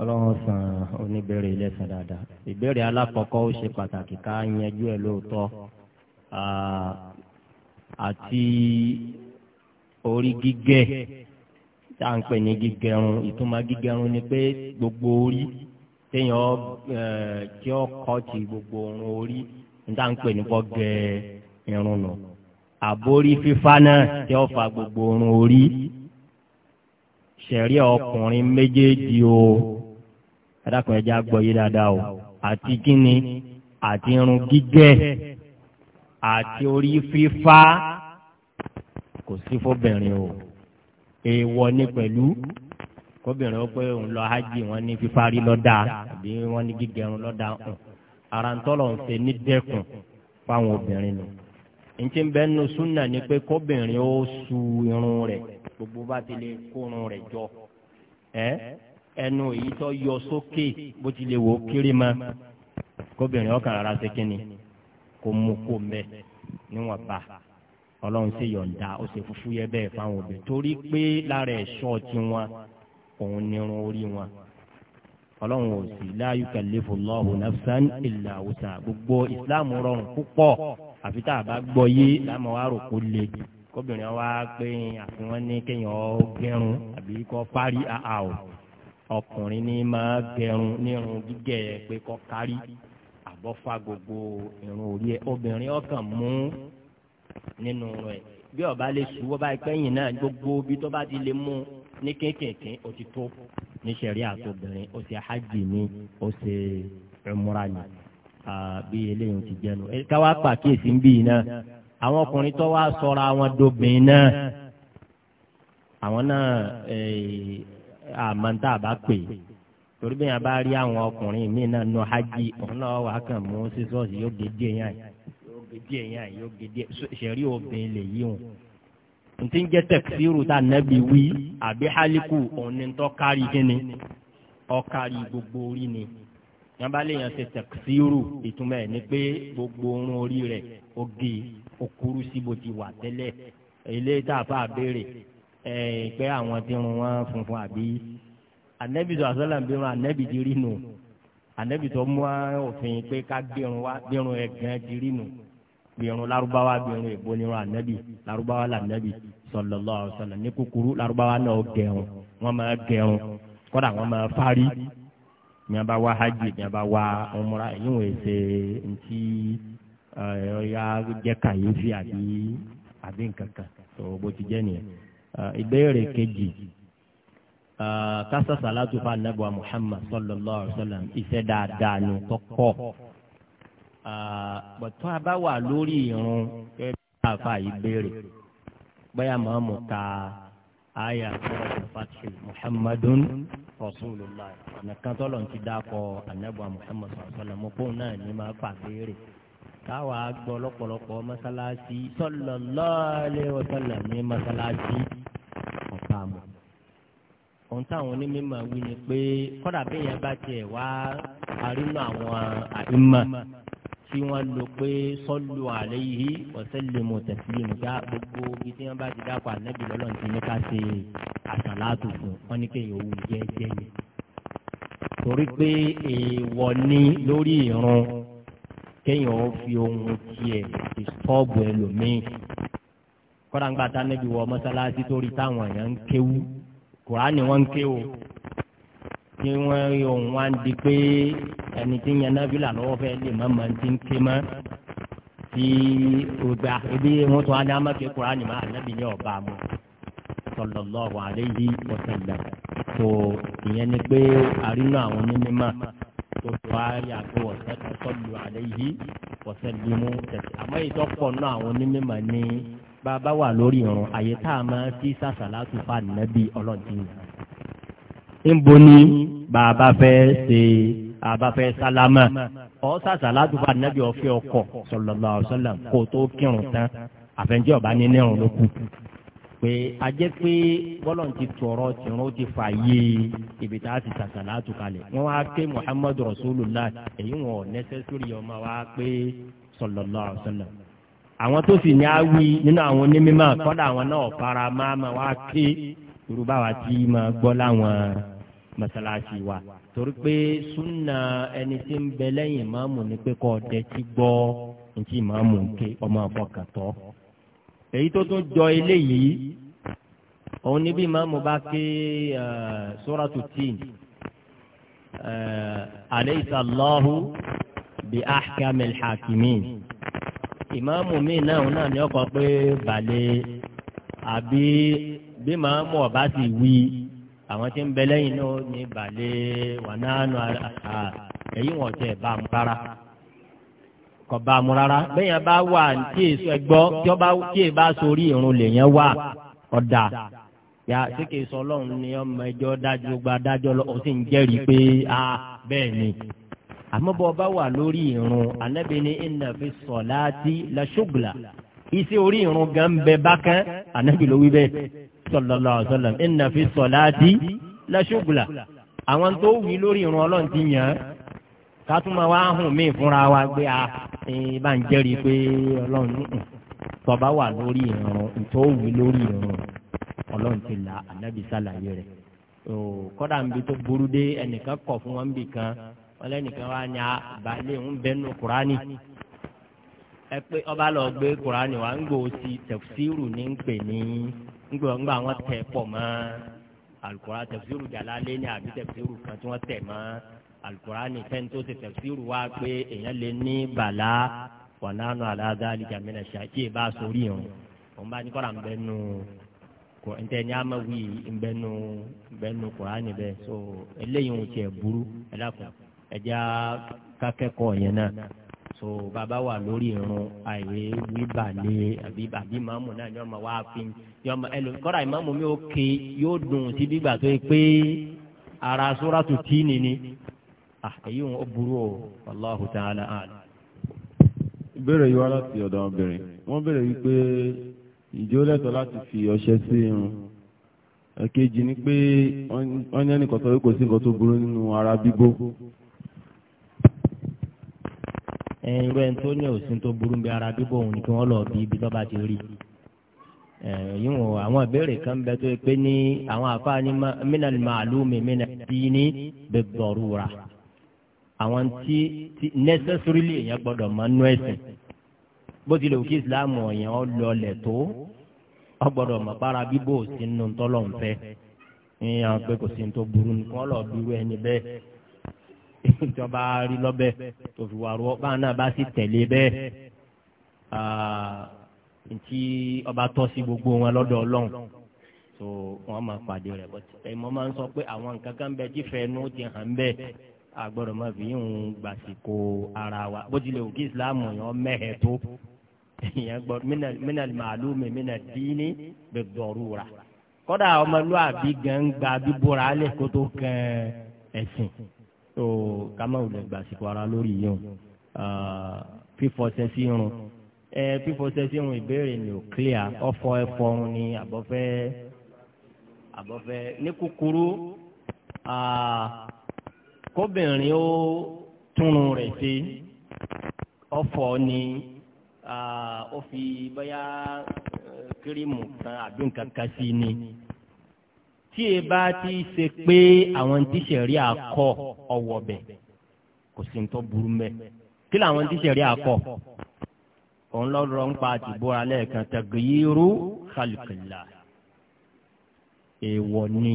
ọlọ́run san oníbèrè ilẹ̀sìn dáadáa ìbéèrè alákọ̀ọ́kọ́ ó ṣe pàtàkì ká yanjú ẹ̀ lóòótọ́ àti orí gígẹ̀ tá à ń pè ní gígẹrun ìtumọ̀ gígẹrun ni pé gbogbo orí téèyàn tí ó kọ́ ti gbogbo orun orí ní tá à ń pè ní kọ́ gẹ irun nù àbórí fífá náà tí ó fa gbogbo orun orí ṣẹ̀rí ọkùnrin méjèèjì o adákùnrin ẹja gbọ́ yé dáadáa o àti kíni àti irun gígẹ̀ àti orí fífá kò sí fóbìnrin o èèwọ̀ ni pẹ̀lú kóbìnrin ó pé òun lọ hajj wọn ní fífárí lọ́dà àbí wọn ní gígẹrun lọ́dà hàn ara ń tọ́lọ̀ ń ṣe ní dẹ́kun fáwọn obìnrin nù ntí ń bẹ nu súnà ni pé kóbìnrin ó su irun rẹ̀ gbogbo bá ti lè kórun rẹ̀ jọ ẹ ẹnu èyí tó yọ sókè bó ti lè wò ó kéré ma kóbìnrin ọkàn ara ṣe kínni kó mú kó mbẹ níwọ̀n bá ọlọ́run sì yọ̀ǹda ó sì fúfú yẹ bẹ́ẹ̀ fáwọn òbí torí pé lára ẹ̀ṣọ́ tiwọn òun nírun orí wọn ọlọ́run ò sì la yukallifu Allahu nafsan illa wusa gbogbo ìsìláàmù rọrùn púpọ̀ àfi tá a bá gbọ́ yé láàmú wa rò kó le kóbìnrin wa pé àfihàn ní kéèyàn ó gẹrun àbí kó parí àà o ọkùnrin ní máa gẹrun nírun gígẹ pé kó kárí àbọ̀ fa gbogbo irun orí ẹ obìnrin ọkàn mú nínú rẹ bí ọba lè sùn wọ́n bá gbẹ̀yìn náà gbogbo bí tó bá ti lè mú ní kéékèèké ó ti tó ní sẹ̀rí àtobìnrin ó ṣe hajj ní ó ṣe umrah ní bí eléyìí ti jẹnu káwá pàkíyèsí ń bì náà àwọn ọkùnrin tó wá sọra àwọn dobìn náà àwọn náà àmọ́ntà bá pè torí bẹ́ẹ̀ bá rí àwọn ọkùnrin míì náà nù hajj òun náà wà kàn mú sísọ́ọ̀sì yóò gédé yẹn yóò gédé yẹn yóò gédé sẹ̀rí obìnrin lè yí wọn ntí ń jẹ́ tẹ̀kísírù tá nẹ́bi wí àbí hálíkù òun ni ń tọ́ kárí kíni ọ̀kárí gbogbo orí ni yẹn bá lè yàn ṣe tẹ̀síìrù ìtumọ̀ ẹ̀ ni pé gbogbo orun orí rẹ̀ ó okuru sí bó ti wà tẹ́lẹ̀ ilé tá a fà béèrè ẹ̀ pé àwọn tí irun wọn funfun àbí anabi sọ àṣọ làǹbí irun anabi ti rí nù anabi tó mú òfin pé ká gbẹrun wá gbẹrun ẹ̀ gan ti rí nù gbẹrun Lárúbáwá gbẹrun ègbó ni irun anabi Lárúbáwá làǹnabi sallallahu alaihi wasallam ní kúkúrú larubawa náà gẹrun wọn máa gẹrun kódà wọn máa fárí ní a bá wá hajj ní a bá wá umra ìyíwọ̀n ẹsẹ̀ ntí ọ̀ya eh, jẹ́ kàyéfì àbí àbí nkankan tó bó ti jẹ́ nìyẹn. Eh, ìbéèrè kejì eh, kásá sàlátù fún anábọ̀ Muhammad sallallahu alayhi wa sallam iṣẹ́ dáadáa ni tó pọ̀. bọ̀tún a bá wà lórí irun kẹ́ẹ́ bá a fà yí béèrè bóyá mú ta aya sọ́rọ̀ fati muhammadun rasulillah ọ̀nà kan tọ́lọ̀ ti dákọ̀ anábọ̀ muhammad sọ̀rọ̀sọ̀lọ̀ mọ́ fóun náà ní máa fà béèrè káwa gbọ́ lọ́pọ̀lọpọ̀ mọ́sálásí sallallahu alaihi wasallam ní mọ́sálásí ọ̀pá mọ́. ohun táwọn onímọ̀ wí ni pé kọ́dà bẹ́ẹ̀ yẹn bá tiẹ̀ wá arínú àwọn àìmọ̀ tí wọ́n lò pé sọ́lù àléyìí ọ̀sẹ́lẹ̀mọ̀ tẹ̀sílẹ̀mù dá gbogbo ibi tí wọ́n bá ti dápọ̀ ànábì lọ́lọ́run ti ní ká ṣe àsàlátù fún wọn ní kéèyàn òun jẹ́jẹ́ ni. torí pé èèwọ̀ ni lórí ìrun kéèyàn ó fi ohun tiẹ̀ ìsọ́ọ̀bù ẹlòmíì. kọ́dà tá ànábì wọ mọ́sálásí torí táwọn èèyàn ń kéwú kùránì wọ́n ń kéwú tí wọ́n rí òun wá ń di pé ẹni tí ń yan nábìlà lọ́wọ́ fẹ́ lè má máa ti ń ké mọ́ tí ògbà ebi wọn tún adá mọ́kè kúránì máa nábì ní ọ̀bá mu sallallahu alayhi wa sallam tó ìyẹn ni pé àrínú àwọn onímọ̀ tó tó ayé àgbo sallu alayhi wa sallimu tẹ̀sí àmọ́ ìtọ́pọ̀ náà àwọn onímọ̀ ní bàbá wà lórí ìrùn àyè tá a máa ti sàṣàlá tó fa nàbí ọlọ́ọ̀dínlẹ̀ níbo ni bàbá fẹ́ ṣe bàbá fẹ́ sálámà ọ sàṣàlátù fún anabi ọfẹ ọkọ sallallahu alaihi wasallam kó o tó kírun tán àfẹnjẹ ọba ní nírun ló kù pé a jẹ́ pé bọlọ ti tọrọ tìrún ti fà yé ibi tá a ti sàṣàlátù kalẹ̀ wọn wá ké muhammadu rasulullah èyí wọn ò nẹsẹsírì ọmọ wa pé sallallahu alaihi wasallam àwọn tó sì ní awi nínú àwọn onímọ̀ kọ́dà àwọn náà fara máa ma wá ké yorùbá wa ti máa gbọ́ láwọn mọ́sálásí wa torí pé súnà ẹni tí ń bẹ lẹ́yìn ìmáàmù ni pé kọ́ ọdẹ ti gbọ́ ntí ìmáàmù ń ké ọmọ àfọkàtọ́ èyí tó tún jọ eléyìí òun ni bí ìmáàmù bá ké sóràtù tíì alaysa Allahu bi ahkamil hakimin ìmáàmù mi náà náà ni ọkọ̀ pé balẹ̀ àbí bí ìmáàmù ọba sì wí àwọn tí ń bẹ lẹ́yìn náà ní balẹ̀ wà nánú àrà èyí wọ́n tẹ̀ bá mu rárá kò bá mu rárá bẹ́yìn bá wà tí èso ẹgbọ́ tí ó bá tí è bá sórí irun lèyàn wà ọ̀dà yà sí kì í sọ ọlọ́run ní ọmọ ẹjọ́ dájú gba dájọ́ lọ ó sì ń jẹ́rìí pé a bẹ́ẹ̀ ni àmọ́ bọ́ bá wà lórí irun anábì ní inna fi salati la shugla iṣẹ́ orí irun gan bẹ bákan anábì ló wí bẹ́ẹ̀ sallallahu alaihi wasallam inna fi salati la shugla àwọn tó wí lórí ìrun ọlọ́run ti yàn án ká tún máa wá hùn mí fúnra wa gbé a ah, bá ń jẹ́rìí pé ọlọ́run tọba wà lórí ìrun tó wí lórí ìrun ọlọ́run ti la ànábì sàlàyé rẹ̀ kọ́dà ń bi tó burú dé ẹnìkan kọ̀ fún wọn bì kan ọlẹ́nìkan wa ní abalẹ̀ ah, ń bẹnu kúránì ẹ pé ọba lọ gbé kúránì wa ń gbòòsì tẹ̀síìrù ní ń pè ní ńgbà wọn tẹ pọ̀ mọ́ alukora tẹfsiru Jalalayn ní àbí tẹfsiru kan tí wọ́n tẹ̀ mọ́ alukora ní fẹ́ni tó ṣe tẹfsiru wá pé èèyàn lè ní bàlá wa nahnu ala dhalika mina bá sórí yẹn òun bá ní kọ́ra ń bẹ́ ní ama wi nbẹnu nbẹnu kurani so eléyìí ń tiẹ̀ burú ẹ dákun ẹ kakẹ́kọ̀ọ́ yẹn náà. so bàbá wà lórí irun àìrè wíbà lé àbí àbí màmú náà ni fi yọ ọmọ ẹlòmí kọ́ra ìmàmù mi ò ké yóò dùn sí bígbà tó yẹ pé ara sóràtù tí nìní ah, èyí wọn burú o Allahu ta'ala àlá. ìbéèrè yìí wá láti ọ̀dọ̀ ọbẹ̀rin wọ́n wípé ìjó láti fi ọṣẹ sí irun ni pé wọ́n ní ẹnìkan sí nǹkan tó burú nínú ara bíbó irú ẹni tó ní òsín tó burú bí ara bíbọ òun ni kí wọ́n lọ bí ibi tó bá ti rí yíwọ àwọn ìbéèrè kan bẹ tó pé ní àwọn àfáàní minal ma'lumi minad dini bid-darura àwọn tí necessarily èèyàn gbọ́dọ̀ máa nú ẹ̀sìn bó tilẹ̀ òkè ìsìláàmù ọ̀yàn ọlọ́ọ̀lẹ̀ tó ọ mọ̀ para bíbò sínú tọ́lọ̀ ń fẹ́ ìyàn pé kò sí ní tó burú ni kí wọ́n lọ bí irú ẹni bẹ́ẹ̀ ìjọba rí lọ́bẹ̀ tó fi wà rọ́ báwọn náà bá sì tẹ̀lé bẹ́ẹ̀ ntí ọba tọ́ sí gbogbo wọn lọ́dọ̀ ọlọ́run tó wọn máa pàdé rẹ̀ bọ́tí ẹ̀ mọ́ máa ń sọ pé àwọn nǹkan kan bẹ jífẹ̀ẹ́ nú ti hàn bẹ́ẹ̀ agbọ́dọ̀ máa fi yín gbàsìkò ara wa bó tilẹ̀ òkè ìsìláàmù yẹn mẹ́hẹ̀ tó èèyàn gbọ́dọ̀ mínà màálùmí mínà dínní bẹ̀ dọ̀rù rà kọ́dà ọmọlúwàbí gan gba bíbúra lẹ́kọ́tò kan ẹ̀sìn tó kámáwò lè gbà síkò ara lórí yìí fífọṣẹ sí irun ẹ fífọṣẹ sí irun ìbéèrè ni ò clear ọfọ ẹfọ ọrùn ni àbọfẹ àbọfẹ ní kúkúrú kóbìnrin ó túnrun rẹ̀ ṣe ọfọ ni ó fi bóyá kírímù kan àbí nǹkan kan sí ni tí e bá ti ṣe pé àwọn tíṣẹ̀rí akọ ọwọ́ bẹ̀ kò sí ní tó burú mẹ́ kí làwọn tíṣẹ̀rí akọ òun lọ rọ ń pa àtìbúra lẹ́ẹ̀kan tagyiru khalqillah èèwọ̀ ni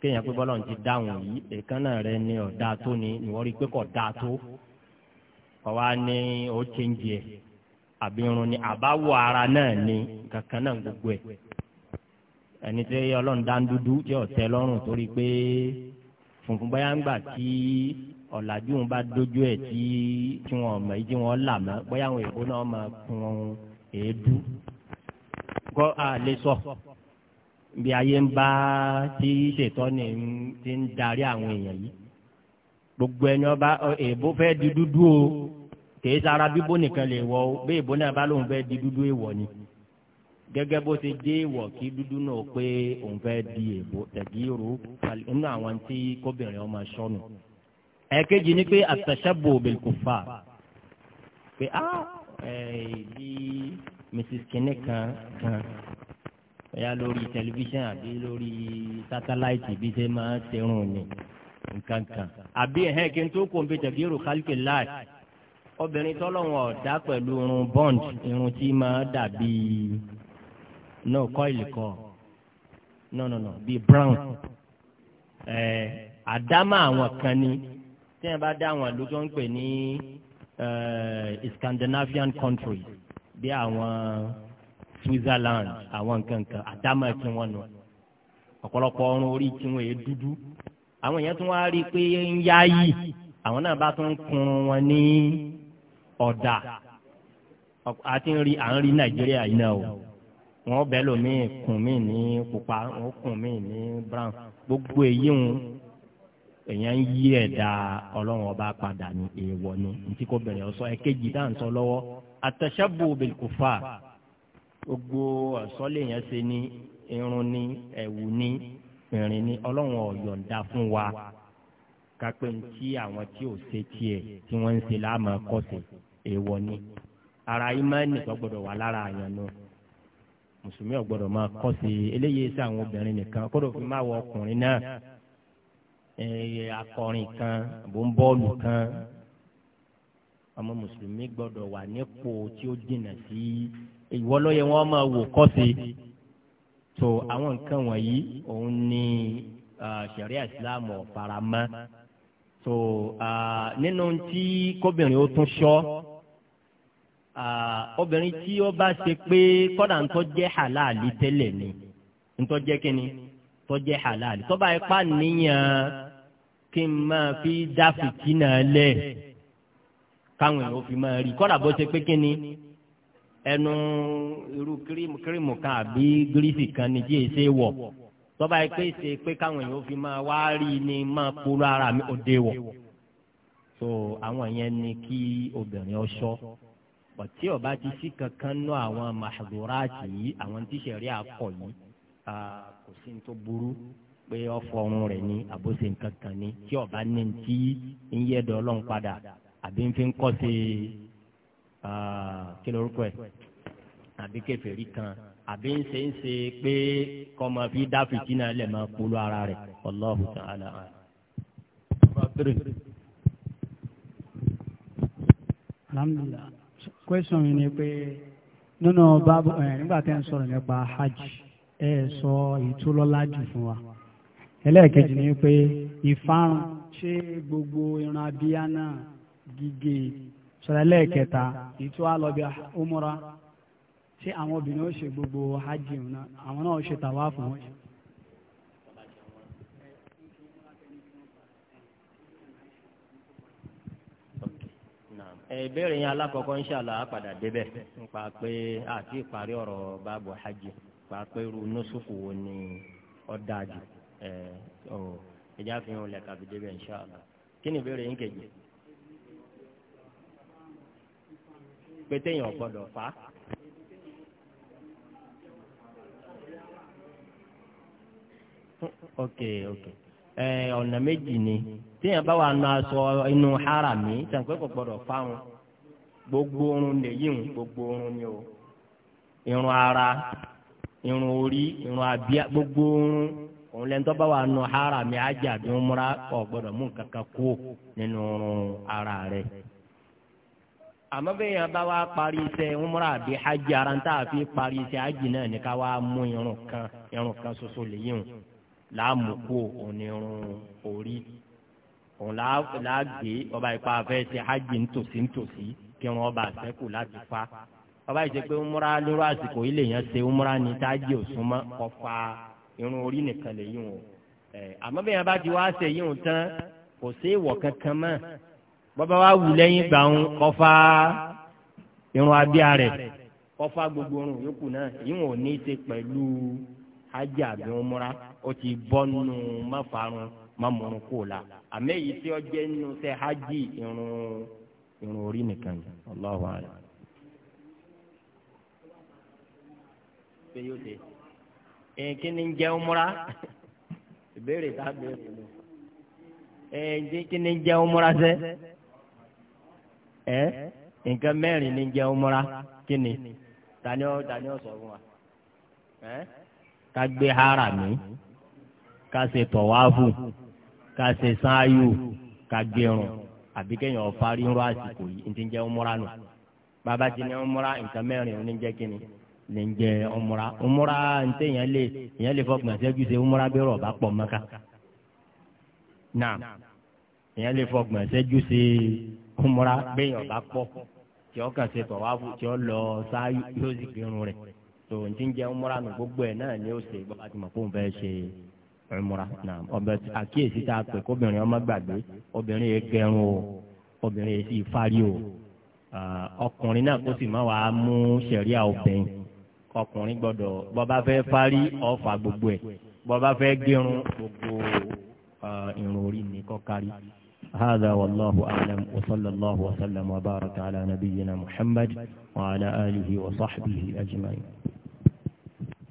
kéèyàn pé bọ́lá ti dáhùn yìí èékánná rẹ ni ọ̀dà tó ni ìwọ́n rí pé kò dáa tó ọ̀wá ní ó ṣe ń jẹ àbí irun ni àbáwọ̀ ara náà ni kankan náà gbogbo ẹ̀ ẹni tí ọlọ́run dá ń dúdú tí ọ̀tẹ́ lọ́rùn torí pé funfun bóyá ń gbà tí ọ̀làjú ń bá dójú ẹ̀ tí tí wọ́n mọ̀ èyí tí wọ́n là mọ́ bóyá àwọn èkó náà máa kun èédú kọ́ a sọ bí ayé ń bá tí ṣètọ́ ni ti ń darí àwọn èèyàn yìí gbogbo ẹni ọba èèbó fẹ́ di dúdú o kèé sara bíbó nìkan lè wọ o bí èèbó náà bá lóun fẹ́ di dúdú èèwọ̀ ni gẹ́gẹ́ bó ti dé ìwọ̀ kí dúdú náà pé òun fẹ́ di èbó tẹ̀gírú nínú àwọn tí kóbìnrin ọmọ sọnù. ẹ̀ẹ́kejì ni pé àtẹ̀sẹ́bù òbẹ̀lùkùfà pé á ah, bí mrs kinney kan kan bóyá lórí tẹlifíṣàn àbí lórí sátáláìtì bí ṣe máa ń ṣerun ni nǹkan kan àbí ẹ̀hẹ́n kí n tó kó n bí tẹ̀gírú kálíkì láì obìnrin tọ́lọ́wọ̀n ọ̀dá pẹ̀lú irun bond irun tí máa dàbí no coil kọ́ no no no bíi brown ẹ̀ẹ́ àdámà àwọn kan ni tí wọ́n bá dá àwọn ìlú tó ń pè ní Scandinavian countries bí àwọn Switzerland àwọn nǹkan kan àdámà tí wọ́n nù ọ̀pọ̀lọpọ̀ ọrùn orí tí wọ́n yé dúdú àwọn èèyàn tún wá rí i pé ń yá yìí àwọn náà bá tún kun wọn ní ọ̀dà àti ń rí à ń rí Nàìjíríà yìí náà o wọn bẹ lómii kùn mí ní pupa wọn kùn mí ní brown gbogbo èyí ń èèyàn ń yí ẹ̀dá ọlọ́run ọba padà ní èèwọ̀ ni ntí kò bẹ̀rẹ̀ ọ̀sọ́ ẹ̀kejì dáhùn sọ lọ́wọ́ àtẹ̀sẹ́bù bìlìkùfà gbogbo ọ̀sọ́ lèèyàn ṣe ní irun ní ẹ̀wù ní ìrìn ní ọlọ́run ọ̀yọ̀ǹda fún wa kápẹ́ ntí àwọn tí ò ṣe tiẹ̀ tí wọ́n ń ṣe láàmú ẹ̀kọ́ sí èèwọ̀ ni ara imáìnì tó gbọdọ̀ wà lára àyàn náà mùsùlùmí ò gbọ́dọ̀ máa kọ́ sí eléyìí sí àwọn obìnrin nìkan kódò fi máa wọ ọkùnrin náà akọrin kan bọ́ńbọ́ọ̀lù kan ọmọ mùsùlùmí gbọ́dọ̀ wà nípò tí ó dènà sí ìwọ ló yẹ wọn máa wò kọ́ sí tó àwọn nǹkan wọ̀nyí òun ni ṣẹ̀ríà ìsìláàmù ọ̀faramọ́ tó nínú tí kóbìnrin ó tún ṣọ́ obìnrin tí ó bá ṣe pé kọ́dà ń tọ́jẹ́ halali tẹ́lẹ̀ ni ń tọ́jẹ́ kínní tọ́jẹ́ halali tọ́ba ipá níyàn kí n máa fi dá fìtínà lẹ̀ káwọn èèyàn fi máa rí kọ́dà bó ṣe pé kínní ẹnu irú kírímù kírímù kan àbí gírísì kan ni jíì ṣe wọ̀ tọ́ba ipé ṣe pé káwọn èèyàn fi máa wá rí ni máa polú ara mi òde wọ̀ so àwọn yẹn ni kí obìnrin ọ̀ṣọ́ pọ̀tí ọba ti sí kankan nú àwọn mahadurati yìí àwọn tí sẹ̀rí akọ yìí kò sí ní tó burú pé ọfọrun rẹ̀ ní àbóse kankan ní tí ọba ní ti ń yẹ dọ̀ ọlọ́run padà àbí ń fi ń kọ́ sí kí lorúkọ ẹ̀ àbí kèfèrí kan àbí ń ṣe ń ṣe pé kọ́mọ fi dá fìtínà lẹ̀ máa polú ara rẹ̀ Allahu ta'ala. alhamdulilayi. question mi ni pé nínú báàbù ẹ̀ nígbà tẹ́ ń sọ̀rọ̀ nípa hajj ẹ sọ ìtúlọ́lá jù fún wa ẹlẹ́ẹ̀kejì ni pé ìfarun ṣé gbogbo irun abíyá náà gígé sọ̀rọ̀ ẹlẹ́ẹ̀kẹta ìtú àlọ́bí umura ṣé àwọn obìnrin ó ṣe gbogbo hajj náà àwọn náà ó ṣe tàwa ìbéèrè yẹn alákọ̀ọ́kọ́ inshallah padà débẹ̀ nípa pé àti ìparí ọ̀rọ̀ báàbò hajj nípa pé irú wo ni ó dáa jù ẹ̀já fi hàn lẹ́ka fi débẹ̀ kí ni ìbéèrè nkeji. pété yẹn ọ̀gbọ́dọ̀ Eh, ọ̀nà méjì ni téèyàn bá wà nù aṣọ inú hara mi sàǹpẹ́ kò gbọ́dọ̀ fáwọn gbogbo irun lèyí ń gbogbo ni o irun ara irun orí irun abíyá gbogbo irun òun lẹ́ńtọ́ bá wà nù hara mi ajá bí wọ́n múra kò gbọ́dọ̀ mú kú nínú ara àmọ́ bá wá parí iṣẹ́ àbí hajj ara ń tà fi parí iṣẹ́ hajj náà láàmùkú onírun orí òun láàgbé ọba ìpa afẹ́ ṣe hajj ńtòsí ńtòsí kí wọn ọba àṣẹkù láti fa ọba ìṣe pé umra lórí àsìkò ilé yẹn ṣe umra ní tájì òsúnmọ́ ọ̀fà irun orí nìkan lèyí wọn àmọ́ bí yẹn bá ti wá ṣe yíwọn tán kò sí ìwọ̀ kankan mọ́ bọ́bá wa wù lẹ́yìn gbà ń kọfá irun abíyá rẹ̀ kọfá gbogbo irun yòókù náà yíwọn ò ní í ṣe pẹ̀lú ajé àbí umra ó ti bọ mọ́farun mọ́mọ́rún kò la àmì èyí tí ó jẹ́ nínú sẹ́ hajj irun irun orí nìkan ni ni ń jẹ́ umra [LAUGHS] ìbéèrè tá a béèrè ẹ kí ni ń jẹ́ umra sẹ́ ẹ nǹkan mẹ́rin ni ń jẹ́ kí ni tani ó ká gbé harami ká ṣe tọ̀wáfù ká ṣe sáyù ká gbẹrun àbí kéèyàn ọ̀fárí ń rọ àsìkò yìí ní jẹ́ ọmọra nù bàbá ti ní ọmọra nǹkan mẹ́rin ní jẹ́ kínní ní jẹ́ ọmọra ọmọra ń tẹ̀ yẹn lé yẹn lè fọkàn sẹ́jú ṣe ọmọra bẹ́ẹ̀ rọ̀ pọ̀ mọ́ká náà èèyàn lè fọgbọ̀n ṣẹ́jú ṣe kúmúra béèyàn bá pọ̀ tí ó ṣe tọ̀wáfù tí ó lọ sáyú yóò sì gbẹrun rẹ̀ tó ń jíjẹ ọmọra nù gbogbo ẹ̀ náà ni ó ṣe bọ́ àti mọ̀ kó ń fẹ́ ṣe ọmọra náà ọbẹ̀ àkíyèsí tá a pè kóbìnrin ọmọ gbàgbé obìnrin yẹn gẹrun o obìnrin yẹn sì fárí o ọkùnrin náà kó sì má wàá mú sẹ̀ríà obìnrin ọkùnrin gbọ́dọ̀ bó bá fẹ́ fárí ó gbogbo ẹ̀ bó bá fẹ́ gẹrun gbogbo irun orí ni kó kárí. هذا والله أعلم وصلى الله وسلم وبارك على نبينا محمد وعلى آله وصحبه أجمعين